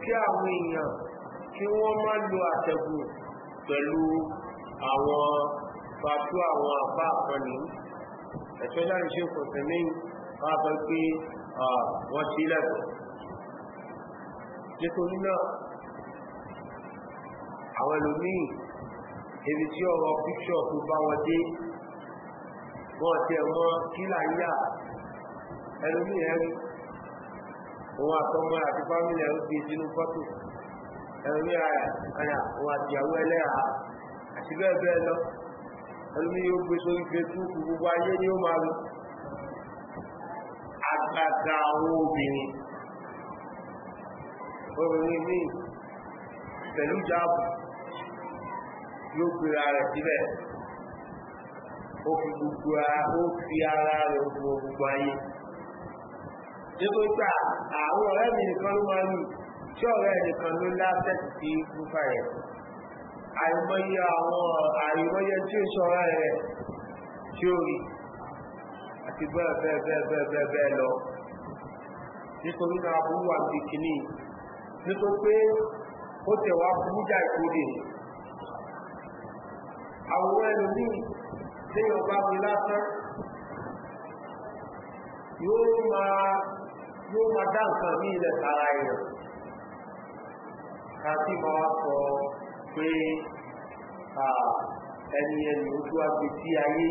kí àwọn èèyàn kí wọ́n má lo àtẹ̀gùn pẹ̀lú àwọn fàtú àwọn àpá àkànnì especially ṣe kò tẹ̀lé wọ́n sọ pé ah, wọ́n ti lẹ́kọ̀ọ́ nítorí náà àwọn ẹlòmíì ibi tí ọ̀rọ̀ píṣọ̀ tó bá wọn dé wọ́n ti ẹ̀mọ́ kílà yà ẹlòmíì ẹ̀rí òun àtọmọ àti fámìlì ẹ̀rú fi sínú fọ́tò ẹlòmíì àyà òun àti ìyàwó ẹlẹ́ra àti bẹ́ẹ̀ bẹ́ẹ̀ lọ ẹlòmíì yóò gbé sórí facebook gbogbo ayé ni ó máa lò àgbàgbà àwọn obìnrin obìnrin míì pẹ̀lú jáàbù yóò gbéra rẹ̀ síbẹ̀ ó fi gbogbo ó fi ara rẹ̀ gbogbo gbogbo ayé dípò gbà àwọn ọ̀rẹ́ mi nìkan ló máa ń lù tí ọ̀rẹ́ nìkan ló lásẹ̀tì sí gúfà rẹ̀ àìmọye àwọn àìmọye tí ó ṣọra rẹ̀ tí ó rí àti bẹ́ẹ̀ bẹ́ẹ̀ bẹ́ẹ̀ bẹ́ẹ̀ bẹ́ẹ̀ bẹ́ẹ̀ lọ nítorí náà burú àti kìíní nítorí pé ó tẹ̀wá burú jà ìkórè àwọn ẹlòmíì tí ọba mi lásán yóò máa yóò máa dá nǹkan ní ilẹ̀ tara èèyàn ká sì máa sọ pé ẹni ẹni ojú agbe sí ayé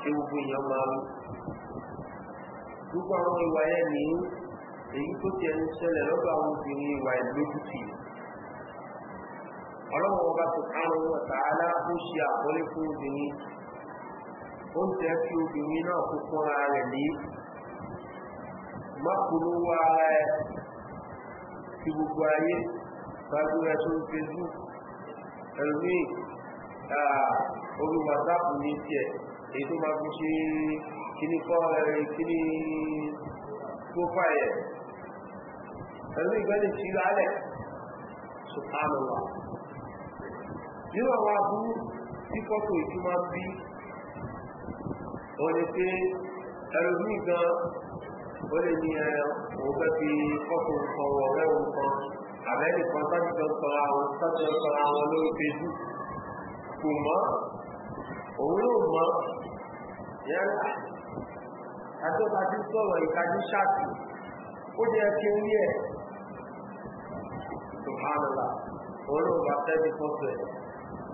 tí gbogbo èèyàn máa ń gbogbo àwọn ìwà yẹn ní èyí tó ti ẹnu ṣẹlẹ̀ lọ́dọ̀ àwọn obìnrin ìwà ìlójútì ọlọ́run ọlọ́run bá subhanahu wa ta'ala ó ṣe àkọlé fún obìnrin ó ń tẹ́ kí obìnrin náà kó fúnra rẹ̀ lé mọ́kùnrin wa ara ẹ ti gbogbo ayé gbájú ẹ tó ń facebook ẹlòmíì orí whatsapp ní tiẹ̀ èyí tó máa fi ṣe kíní kọ́ kíní profile ẹ̀ ẹlòmíì gbẹ́ni sí lálẹ̀ subhanallah nínú àwọn aburú tí fọ́tò ìtumá bí òní pé ẹlòmíì gan ó lè ní ẹ òun fẹ́ fi fọ́tò nǹkan wọ ọ̀rẹ́ òun kan àbẹ́lì kan sájọ sọra wọn sájọ sọra wọn lórí pejú kò mọ́ òun yóò mọ́ yẹn àtọ́ta ti sọ̀rọ̀ ìtajú ṣáàtì ó jẹ́ kí ó rí ẹ̀ subhanallah òun ló bá tẹ́lẹ̀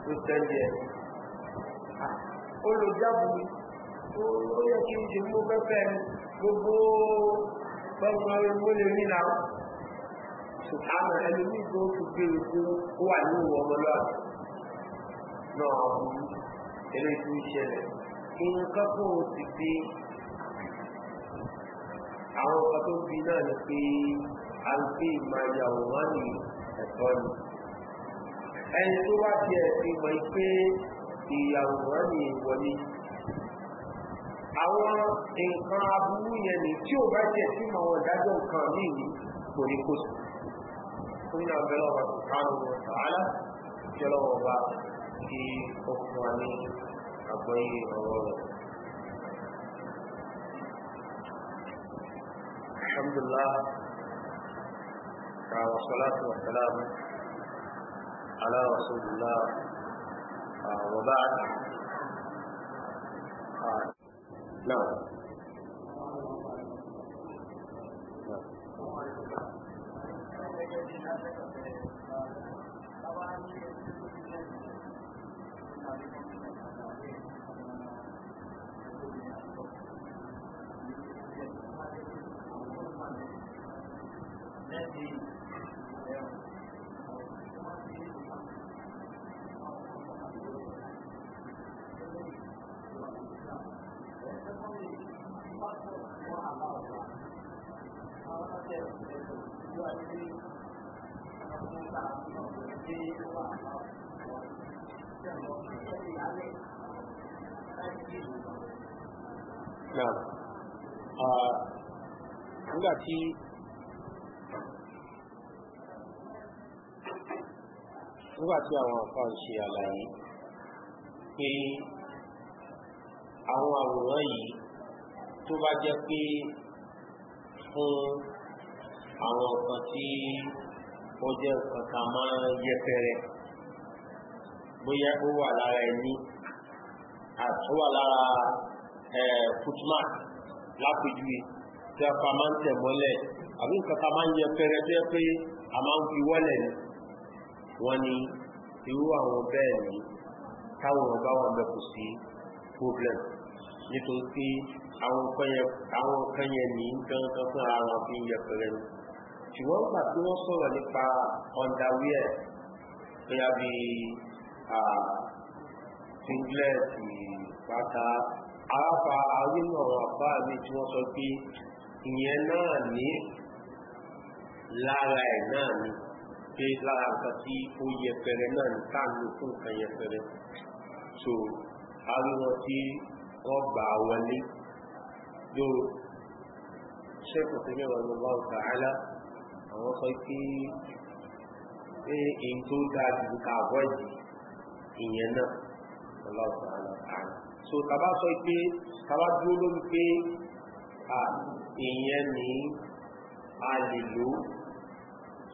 Christian year olùjábù ó yẹ kí n ṣe mú pẹ́pẹ́ gbogbo gbọ́gbọ́n mo lè rí náà ṣùgbọ́n ẹlòmíì tó fi gbé ikú ó wà ní ìwọ ọmọlúwàbí náà ọ̀hún eléyìí tó ń ṣẹlẹ̀ nǹkan tó o ti gbé àwọn ọkọ̀ tó bí náà ni pé a ń gbé ìmọ̀ ayàwòrán ní ẹ̀tọ́ ni ẹni tó wá di ẹ̀sìn mọ̀ pé ìyàwòrán ni ìwọlé àwọn nǹkan aburú yẹn ni tí ò bá jẹ́ sí mọ̀ wọn dájọ́ nǹkan míì kò ní kó sí fún náà bẹ́ẹ̀ lọ́wọ́ sùkánù wọn sàálà jẹ́ lọ́wọ́ bá kí ọkùnrin wa ní àgbọ́yé ọ̀rọ̀ rẹ̀. الحمد لله والصلاة والسلام ala asil la wabak ala jan ala ala ala ala ala ala ala ala ala ala Now, uh, nígbà tí nígbà tí àwọn àfá ń ṣe àlàyé pé àwọn àwòrán yìí tó bá jẹ́ pé fún àwọn nǹkan tí ó jẹ́ nǹkan ká máa yẹpẹrẹ bóyá ó wà lára ẹni àti wà lára footmark lápèjúwe tí a fa máa ń tẹ̀ mọ́lẹ̀ àbí nǹkan a máa ń fi wọ́lẹ̀ ni wọ́n ní irú àwọn bẹ́ẹ̀ ni táwọn ọba wọn bẹ kò sí problem nítorí pé àwọn kan yẹn ní gangan ṣùgbọ́n gbà tí wọ́n sọ̀rọ̀ nípa underwear bóyá bí singlet bàtà arápa arínà àbá mi tí wọ́n sọ pé ìyẹn náà ní lára ẹ̀ náà ni pé lára nǹkan tí ó yẹpẹrẹ náà ní káàlù fún nǹkan yẹpẹrẹ so arínà tí wọ́n gbà wọlé lóru ṣẹ́kùn tó yẹ̀wọ̀n lọ́wọ́ ọ̀tà àwọn sọ pé pé èyí tó dáa jù ká àwọ̀dì ìyẹn náà ọlọ́run àlọ́ so tàbá sọ pé tàbá dúró lórí pé ìyẹn ní a lè lò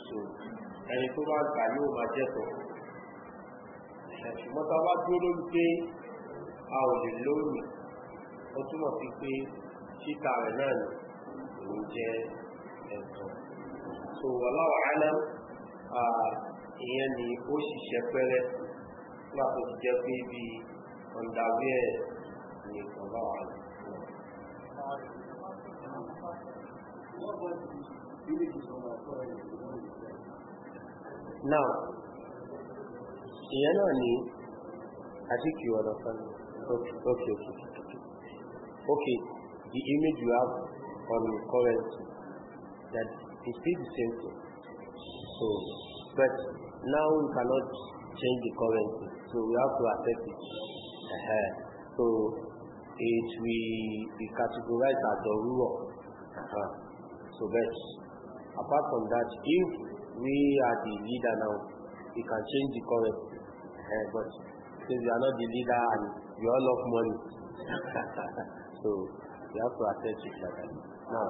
so ẹni tó bá gbà yóò máa jẹ́tọ̀ ṣùgbọ́n tàbá dúró lórí pé a ò lè lónìí ó túmọ̀ sí pé títà rẹ̀ náà ló ń jẹ́ ẹ̀tọ́ so wallahu alam ìyẹn ni ó ṣiṣẹ́ pẹ́rẹ́ nígbà ti jẹ́ pé bí ọ̀dàwẹ́ ni wallahu alam. Now, ìyẹn náà ni I think you understand. Okay, okay, okay. the image you have on the currency that It's still the same thing. So, but now we cannot change the currency, so we have to accept it. Uh -huh. So, it we be categorized as the rule. Uh -huh. So, but apart from that, if we are the leader now, we can change the currency. Uh -huh. But since we are not the leader and we all love money, so we have to accept it like that. Now,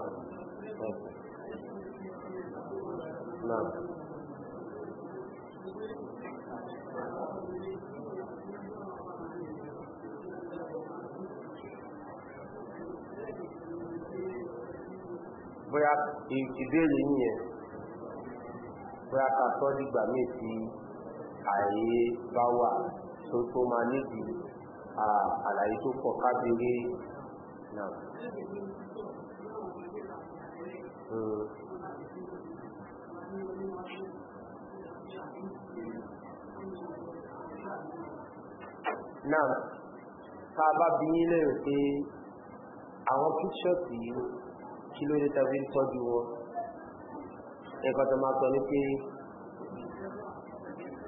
okay. نعم bóyá ìbéèrè yìí yẹn bóyá ká tọ́ dìgbà míì tí ààyè bá wà tó tó máa níbi àlàyé tó pọ̀ kábíyé náà. náà tá a bá bí yín lérò pé àwọn píṣọ́ọ̀tì yìí kí ló dé tàbí tọ́jú wọn ẹ̀kọ́ tó máa sọ ní pé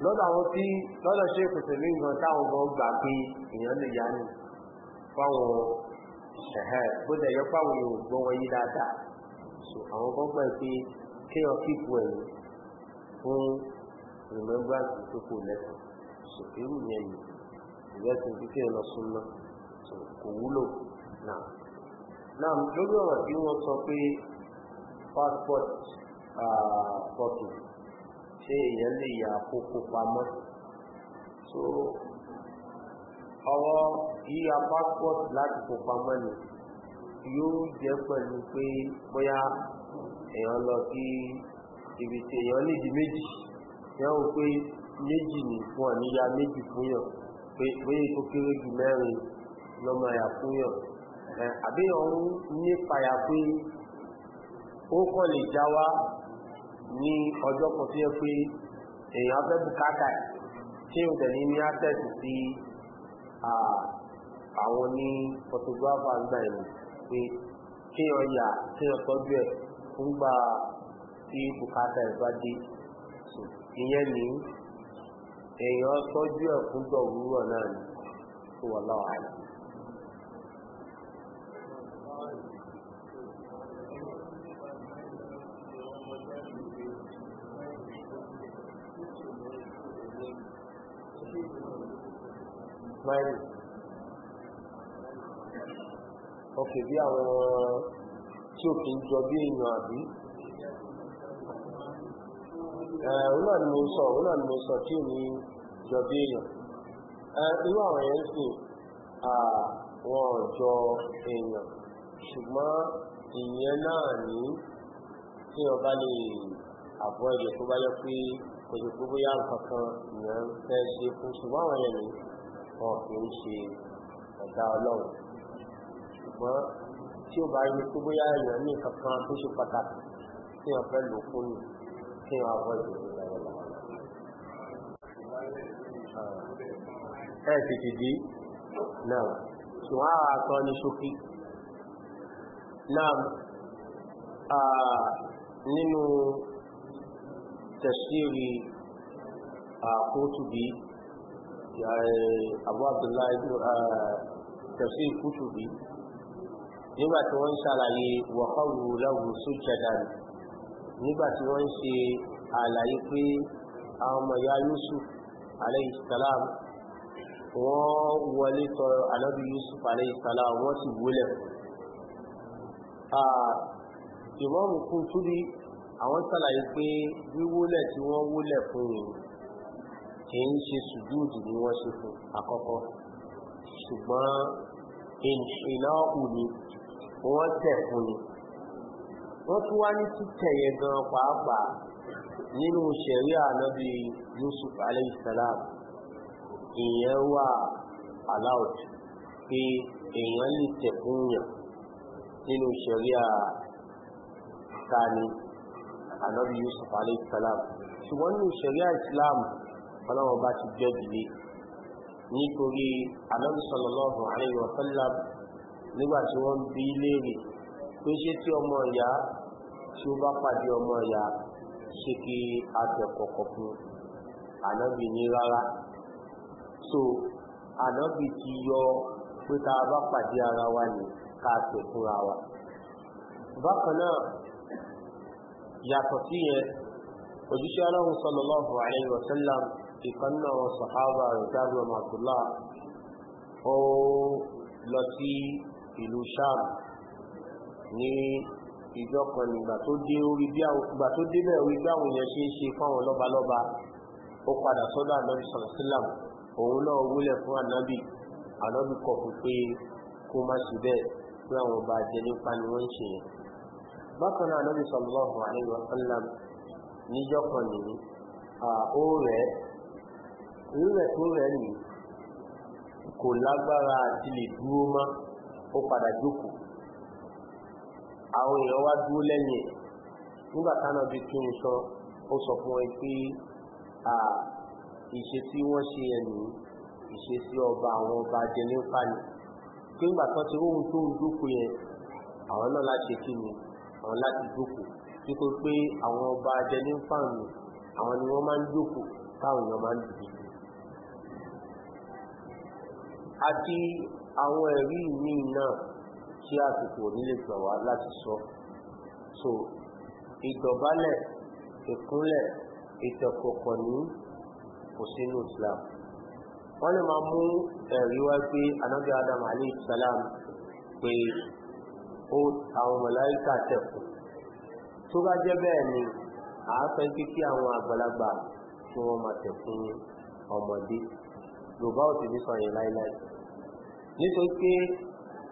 lọ́dọ̀ àwọn tí lọ́dọ̀ ṣe ìpèsèlú nǹkan táwọn gan gbà pé èèyàn lè yá ni fáwọn ẹ̀hẹ́ bó dẹ̀ yọ páwọn èèyàn gbọ́ wọn yí dáadáa so àwọn kan gbà pé kéèyàn kíkú ẹ̀yìn fún remembrance tó kù lẹ́sìn so irú yẹn nìyẹn ìrẹsìn kíkẹ́ lọ súnmọ́ kò wúlò náà náà lórí ọ̀rọ̀ bí wọ́n sọ pé passport pọ̀tù ṣé èèyàn lè yà àkókò pamọ́ so ọwọ́ yíya passport láti kó pamọ́ ni yóò jẹ́ pẹ̀lú pé bóyá èèyàn lọ sí ibi tí èèyàn lè di méjì yẹ́n wò pé méjì ní fún ọ̀ níyà méjì fún yàn pé bóyá kéré jù mẹ́rin lọ́mọ àyàfúnyàn àbí ọ̀hún nípa yà pé ó kọ́ lè já wá ní ọjọ́ kan tí ó pé èèyàn fẹ́ bukata tí ó dẹ̀ ní ní sí àwọn ní photographer àgbà ìlú pé kí tí ẹ̀ bá dé ìyẹn nìyí èèyàn tọ́jú ẹ̀ fún tọ̀wúrọ̀ náà ni tó wà láwà rẹ̀. Smile. bí àwọn tí ò kí ń jọ bí èèyàn àbí òun náà ni mo sọ òun náà ni mo sọ tí ò jọ bí èèyàn irú àwọn èèyàn sì wọn ò jọ èèyàn ṣùgbọ́n ìyẹn náà ní tí ọba lè àbọ̀ ẹ̀jẹ̀ tó bá yẹ pé kò sí gbogbo yá nǹkan kan ìyẹn fẹ́ ṣe fún ṣùgbọ́n àwọn èèyàn ní wọn kì í ṣe ọ̀dà ọlọ́run ṣùgbọ́n tí ó bá yẹ pé bóyá èèyàn ní nǹkan kan tó ṣe pàtàkì tí wọ́n fẹ́ lò fún yìí ကင်းအောင်ဝတ်ကြည့်ကြပါလားအဲ့ဒီဒီဒီနော်သွာတော်နေစုခိ naam nínú tafsiri Qurtubi Abu Abdullah tafsiri Qurtubi nígbàtí wọ́n ṣàlàyé wa qawlu lahu sujjadan nígbà tí wọ́n ń ṣe àlàyé pé àwọn ọmọ ìyá yusuf aleyhisselam wọ́n wọlé tọrọ anábi yusuf aleyhisselam wọ́n ti wúlẹ̀ ìmọ́mù kún túbí àwọn sàlàyé pé wíwúlẹ̀ tí wọ́n wúlẹ̀ fún yìí kì ń ṣe sùjúùdù ní wọ́n ṣe fún àkọ́kọ́ ṣùgbọ́n ìnáhù ni wọ́n tẹ̀ fún ni wọ́n tún wá ní títẹ̀yẹ gan pàápàá nínú ṣẹ̀rí ànábì yusuf aleyhisselam ìyẹn wà allowed pé èèyàn lè tẹ̀kúnyàn nínú ṣẹ̀rí àtàní ànábì yusuf aleyhisselam ṣùgbọ́n nínú ṣẹ̀rí islam ọlọ́wọ́ bá ti jẹ́ dìde nítorí ànábì sallallahu alaihi wa nígbà tí wọ́n bí léèrè pé ṣé tí ọmọ ìyá tí ó bá pàdé ọmọ ẹ̀yà ṣe kí a tẹ̀kọ̀kọ̀ fún ànábì ní rárá so ànábì ti yọ pé ta bá pàdé ara wa ní ká tẹ̀ fúnra wa bákan náà yàtọ̀ sí yẹn òjíṣẹ́ aláhùn sallallahu alayhi wa sallam ìkanná sàhábà rẹ̀ dágbà màtúlá ó lọ sí ìlú sáàmù ní ìjọkan nígbà tó dé orí ìgbà tó dé orí bí àwọn èèyàn ṣe ń ṣe fáwọn lọ́balọ́ba ó padà sọ́dọ̀ ànábì sọ̀rọ̀sílàm òun náà wúlẹ̀ fún ànábì ànábì kọ̀ fún pé kó má ṣe àwọn ọba jẹ nípa ni wọ́n ń ṣe yẹn bákan náà ànábì sọ̀rọ̀lọ́hùn nìyí ó rẹ̀ rírẹ̀ tó rẹ̀ nì kò lágbára àti padà jókòó àwọn èèyàn wá dúró lẹ́yìn nígbà táwọn bí kí n sọ ó sọ fún wọn pé ìṣe tí wọ́n ṣe ẹ̀nì ìṣe sí ọba àwọn ọba jẹlẹ́ńpá ni pé nígbà tó ti róhun tó ń dúkùú yẹn àwọn náà láti kí ni àwọn láti dúkùú nítorí pé àwọn ọba jẹlẹ́ńpá ni àwọn ni wọ́n máa ń dúkùú táwọn èèyàn máa ń dìbò àti àwọn ẹ̀rí míì náà tí àsìkò nílé gbà wá láti sọ so ìdọ̀bálẹ̀ ìkúnlẹ̀ ìtẹ̀kọ̀kọ̀ ní kò sínú islam wọ́n lè máa mú ẹ̀rí wá pé anábì adam alayhi salam pé ó àwọn mọ̀láíkà tẹ̀kù tó bá jẹ́ bẹ́ẹ̀ ni àáfẹ́ kíkí àwọn àgbàlagbà tí wọ́n máa tẹ̀kùn ọmọdé yorùbá ò sì ní sọ yẹn láíláí nítorí pé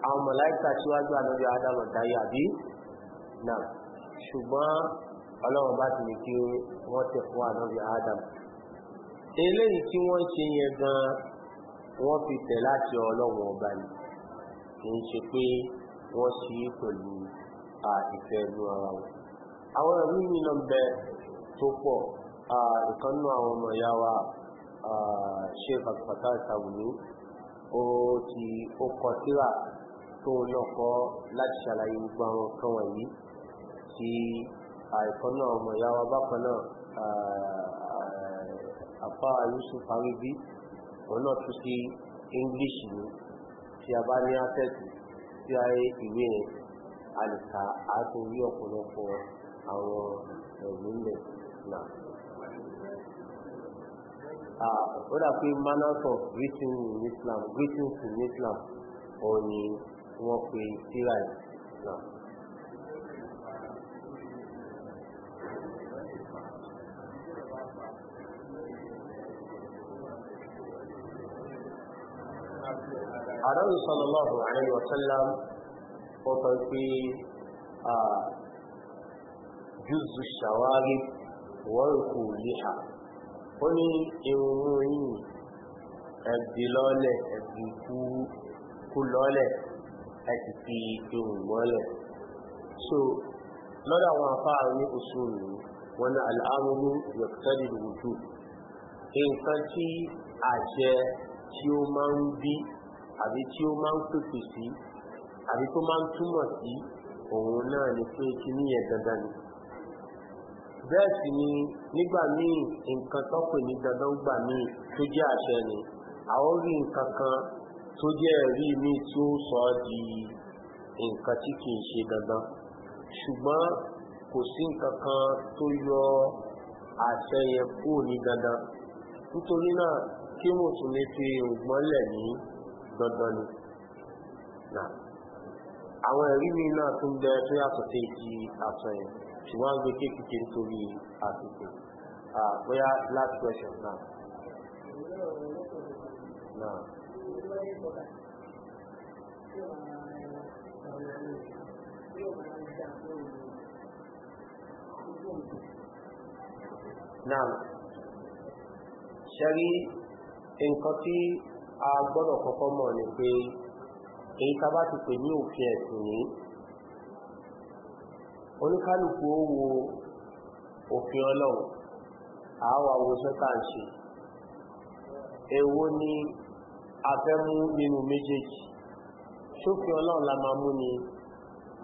àwọn mọ̀láìkà síwájú ànábì Ádámù dáyé àbí náà ṣùgbọ́n ọlọ́run bá ti ní kí wọ́n tẹ̀ fún ànábì Ádámù eléyìí tí wọ́n ṣe yẹn gan wọ́n fi tẹ̀ láti ọlọ́run ọba ni kì í ṣe pé wọ́n sí pẹ̀lú ìfẹ́ inú ara wọn àwọn ẹ̀rí mi náà bẹ tó pọ̀ ìkannú àwọn ọmọ ìyá wa ṣe pàtàkì àtàwùní ó ti ó kọ síra tó lọ́kọ́ láti ṣàlàyé gbogbo àwọn kan wọ̀nyí tí àìkọ́ náà ọmọ ìyá wa bákan náà àpá Yusuf Aribi òun náà tún sí English ni tí a bá ní àtẹ̀sì tí a rí ìwé rẹ̀ a lè ka a tó rí ọ̀pọ̀lọpọ̀ àwọn ẹ̀rù ńlẹ̀ náà. ó dà pé manners of greeting in Islam greetings in Islam òun tí wọ́n pe síra yìí náà. Àdáwì sallallahu alaihi wa sallam ó sọ pé jùzù ṣàwárí wọ́n kò líhà. Ó ní irun yìí ẹ̀bì lọ́lẹ̀ ẹ̀bì kú lọ́lẹ̀ láti fi ohun mọ́lẹ̀ so lọ́dọ̀ àwọn afáàrù ní òṣùlù wọn ni al'amuru yọ̀tẹ́lì lòójú nǹkan tí àṣẹ tí ó máa ń bí àbí tí ó máa ń pèpè sí àbí tó máa ń túmọ̀ sí òun náà ni pé kí ní ẹ̀ dandan ni bẹ́ẹ̀ sì ni nígbà míì nǹkan tọ́pẹ̀ ní dandan gbà míì tó jẹ́ àṣẹ ni àwọn orí nǹkan kan tó jẹ́ ẹ̀rí mi tí ó sọ di nǹkan tí kìí ṣe dandan ṣùgbọ́n kò sí nǹkan kan tó yọ àṣẹ yẹn kúrò ní dandan nítorí náà kí mo tún lè fi ògbọ́nlẹ̀ ní dandan ni àwọn ẹ̀rí mi náà tún bẹ tó yàtọ̀ sí ti àṣọ yẹn ṣùgbọ́n gbé kéèkìtì nítorí àsìkò bóyá last question náà. Nah. na sheri koti agọ nokoko manwekbatepit okanuwu wu opiolo awawozụtai ewon afẹ́mú nínú méjèèjì ṣófin ọlọ́run la máa mú ni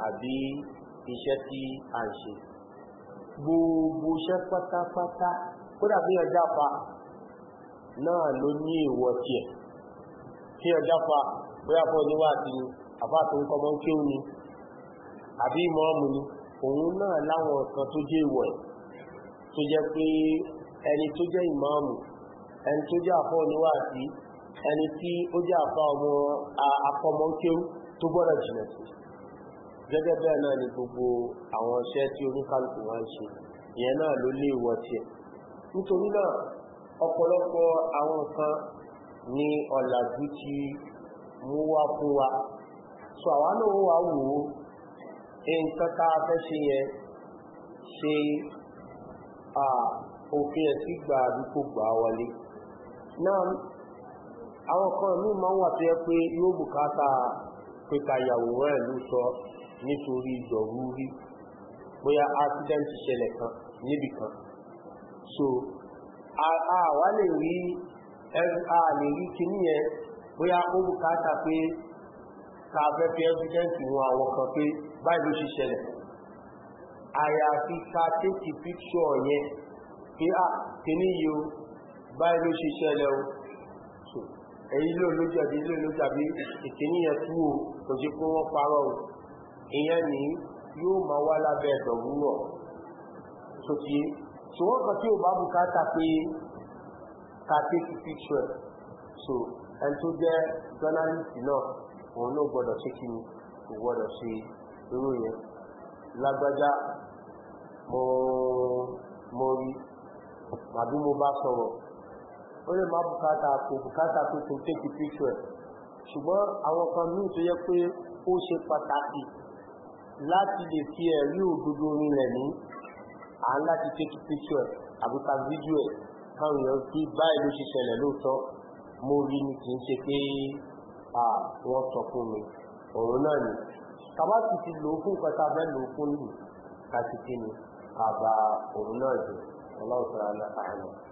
àbí iṣẹ́ tí a ń ṣe gbogbo iṣẹ́ pátápátá kódà bí ọjá pa náà ló ní èèwọ̀ tiẹ̀ kí ọjá pa bóyá fọ́ níwá àti àbá tó ń kọmọ ń kéwù ni àbí ìmọ̀ọ́mù ni òun náà láwọn nǹkan tó jẹ́ ìwọ̀ ẹ̀ tó jẹ́ pé ẹni tó jẹ́ ìmọ̀ọ́mù ẹni tó jẹ́ àfọ́ níwá àti ẹni tí ó jẹ́ àfá ọmọ akọmọ kéwú tó gbọ́dọ̀ jìnà sí gẹ́gẹ́ bẹ́ẹ̀ náà ni gbogbo àwọn iṣẹ́ tí oníkálùkù wá ń ṣe ìyẹn náà ló lé ìwọ tiẹ̀ nítorí náà ọ̀pọ̀lọpọ̀ àwọn nǹkan ni ọ̀làjú ti mú wá fún wa sọ àwa náà wà wò ó nǹkan tá a fẹ́ ṣe yẹn ṣe òfin ẹ̀sìn gbà àdúgbò gbà wọlé náà àwọn kan ní ma ń wà tó yẹ pé yóò bùkátà ìyàwòrán sọ nítorí ìdọ̀rú rí bóyá accident ṣẹlẹ̀ kan níbì kan so àwa lè rí a lè rí kíní yẹn bóyá ó bùkátà pé ta fẹ́ fi evidence wọn àwọn kan pé báyìí ló ṣe ṣẹlẹ̀ àyàfi ká tẹ́kì picture yẹn pé à ah, kíní yìí o báyìí ló ṣe ṣẹlẹ̀ o èyí ló lójú àbí ilé lójú àbí ìkíní yẹn kú o kò sí kó wọ́n parọ́ o ìyẹn ní yóò máa wá lábẹ́ ẹ̀dọ̀ wúrọ̀ tó ti so wọ́n kàn tí ò bá bùkátà pé ká take picture so ẹni tó jẹ́ journalist náà òun náà gbọ́dọ̀ ṣe kí ni kò gbọ́dọ̀ ṣe irú yẹn lágbájá mo mo rí màbí mo bá sọ̀rọ̀ ó lè má bùkátà kò bùkátà pé kò take picture ṣùgbọ́n àwọn kan míì tó yẹ pé ó ṣe pàtàkì láti lè fi ẹ̀rí òdodo rinlẹ̀ ní à ń láti take picture àbí ka fídíò ẹ̀ káwọn èèyàn fi báyìí ló ṣe ṣẹlẹ̀ lóòótọ́ mo rí ni kì í ṣe pé wọ́n sọ fún mi òun náà ni tàbá ti lò ó fún nǹkan tá a fẹ́ lò ó fún nù ká ti kí ni àbá òun náà jù ọlọ́run sọ̀rọ̀ àná àná.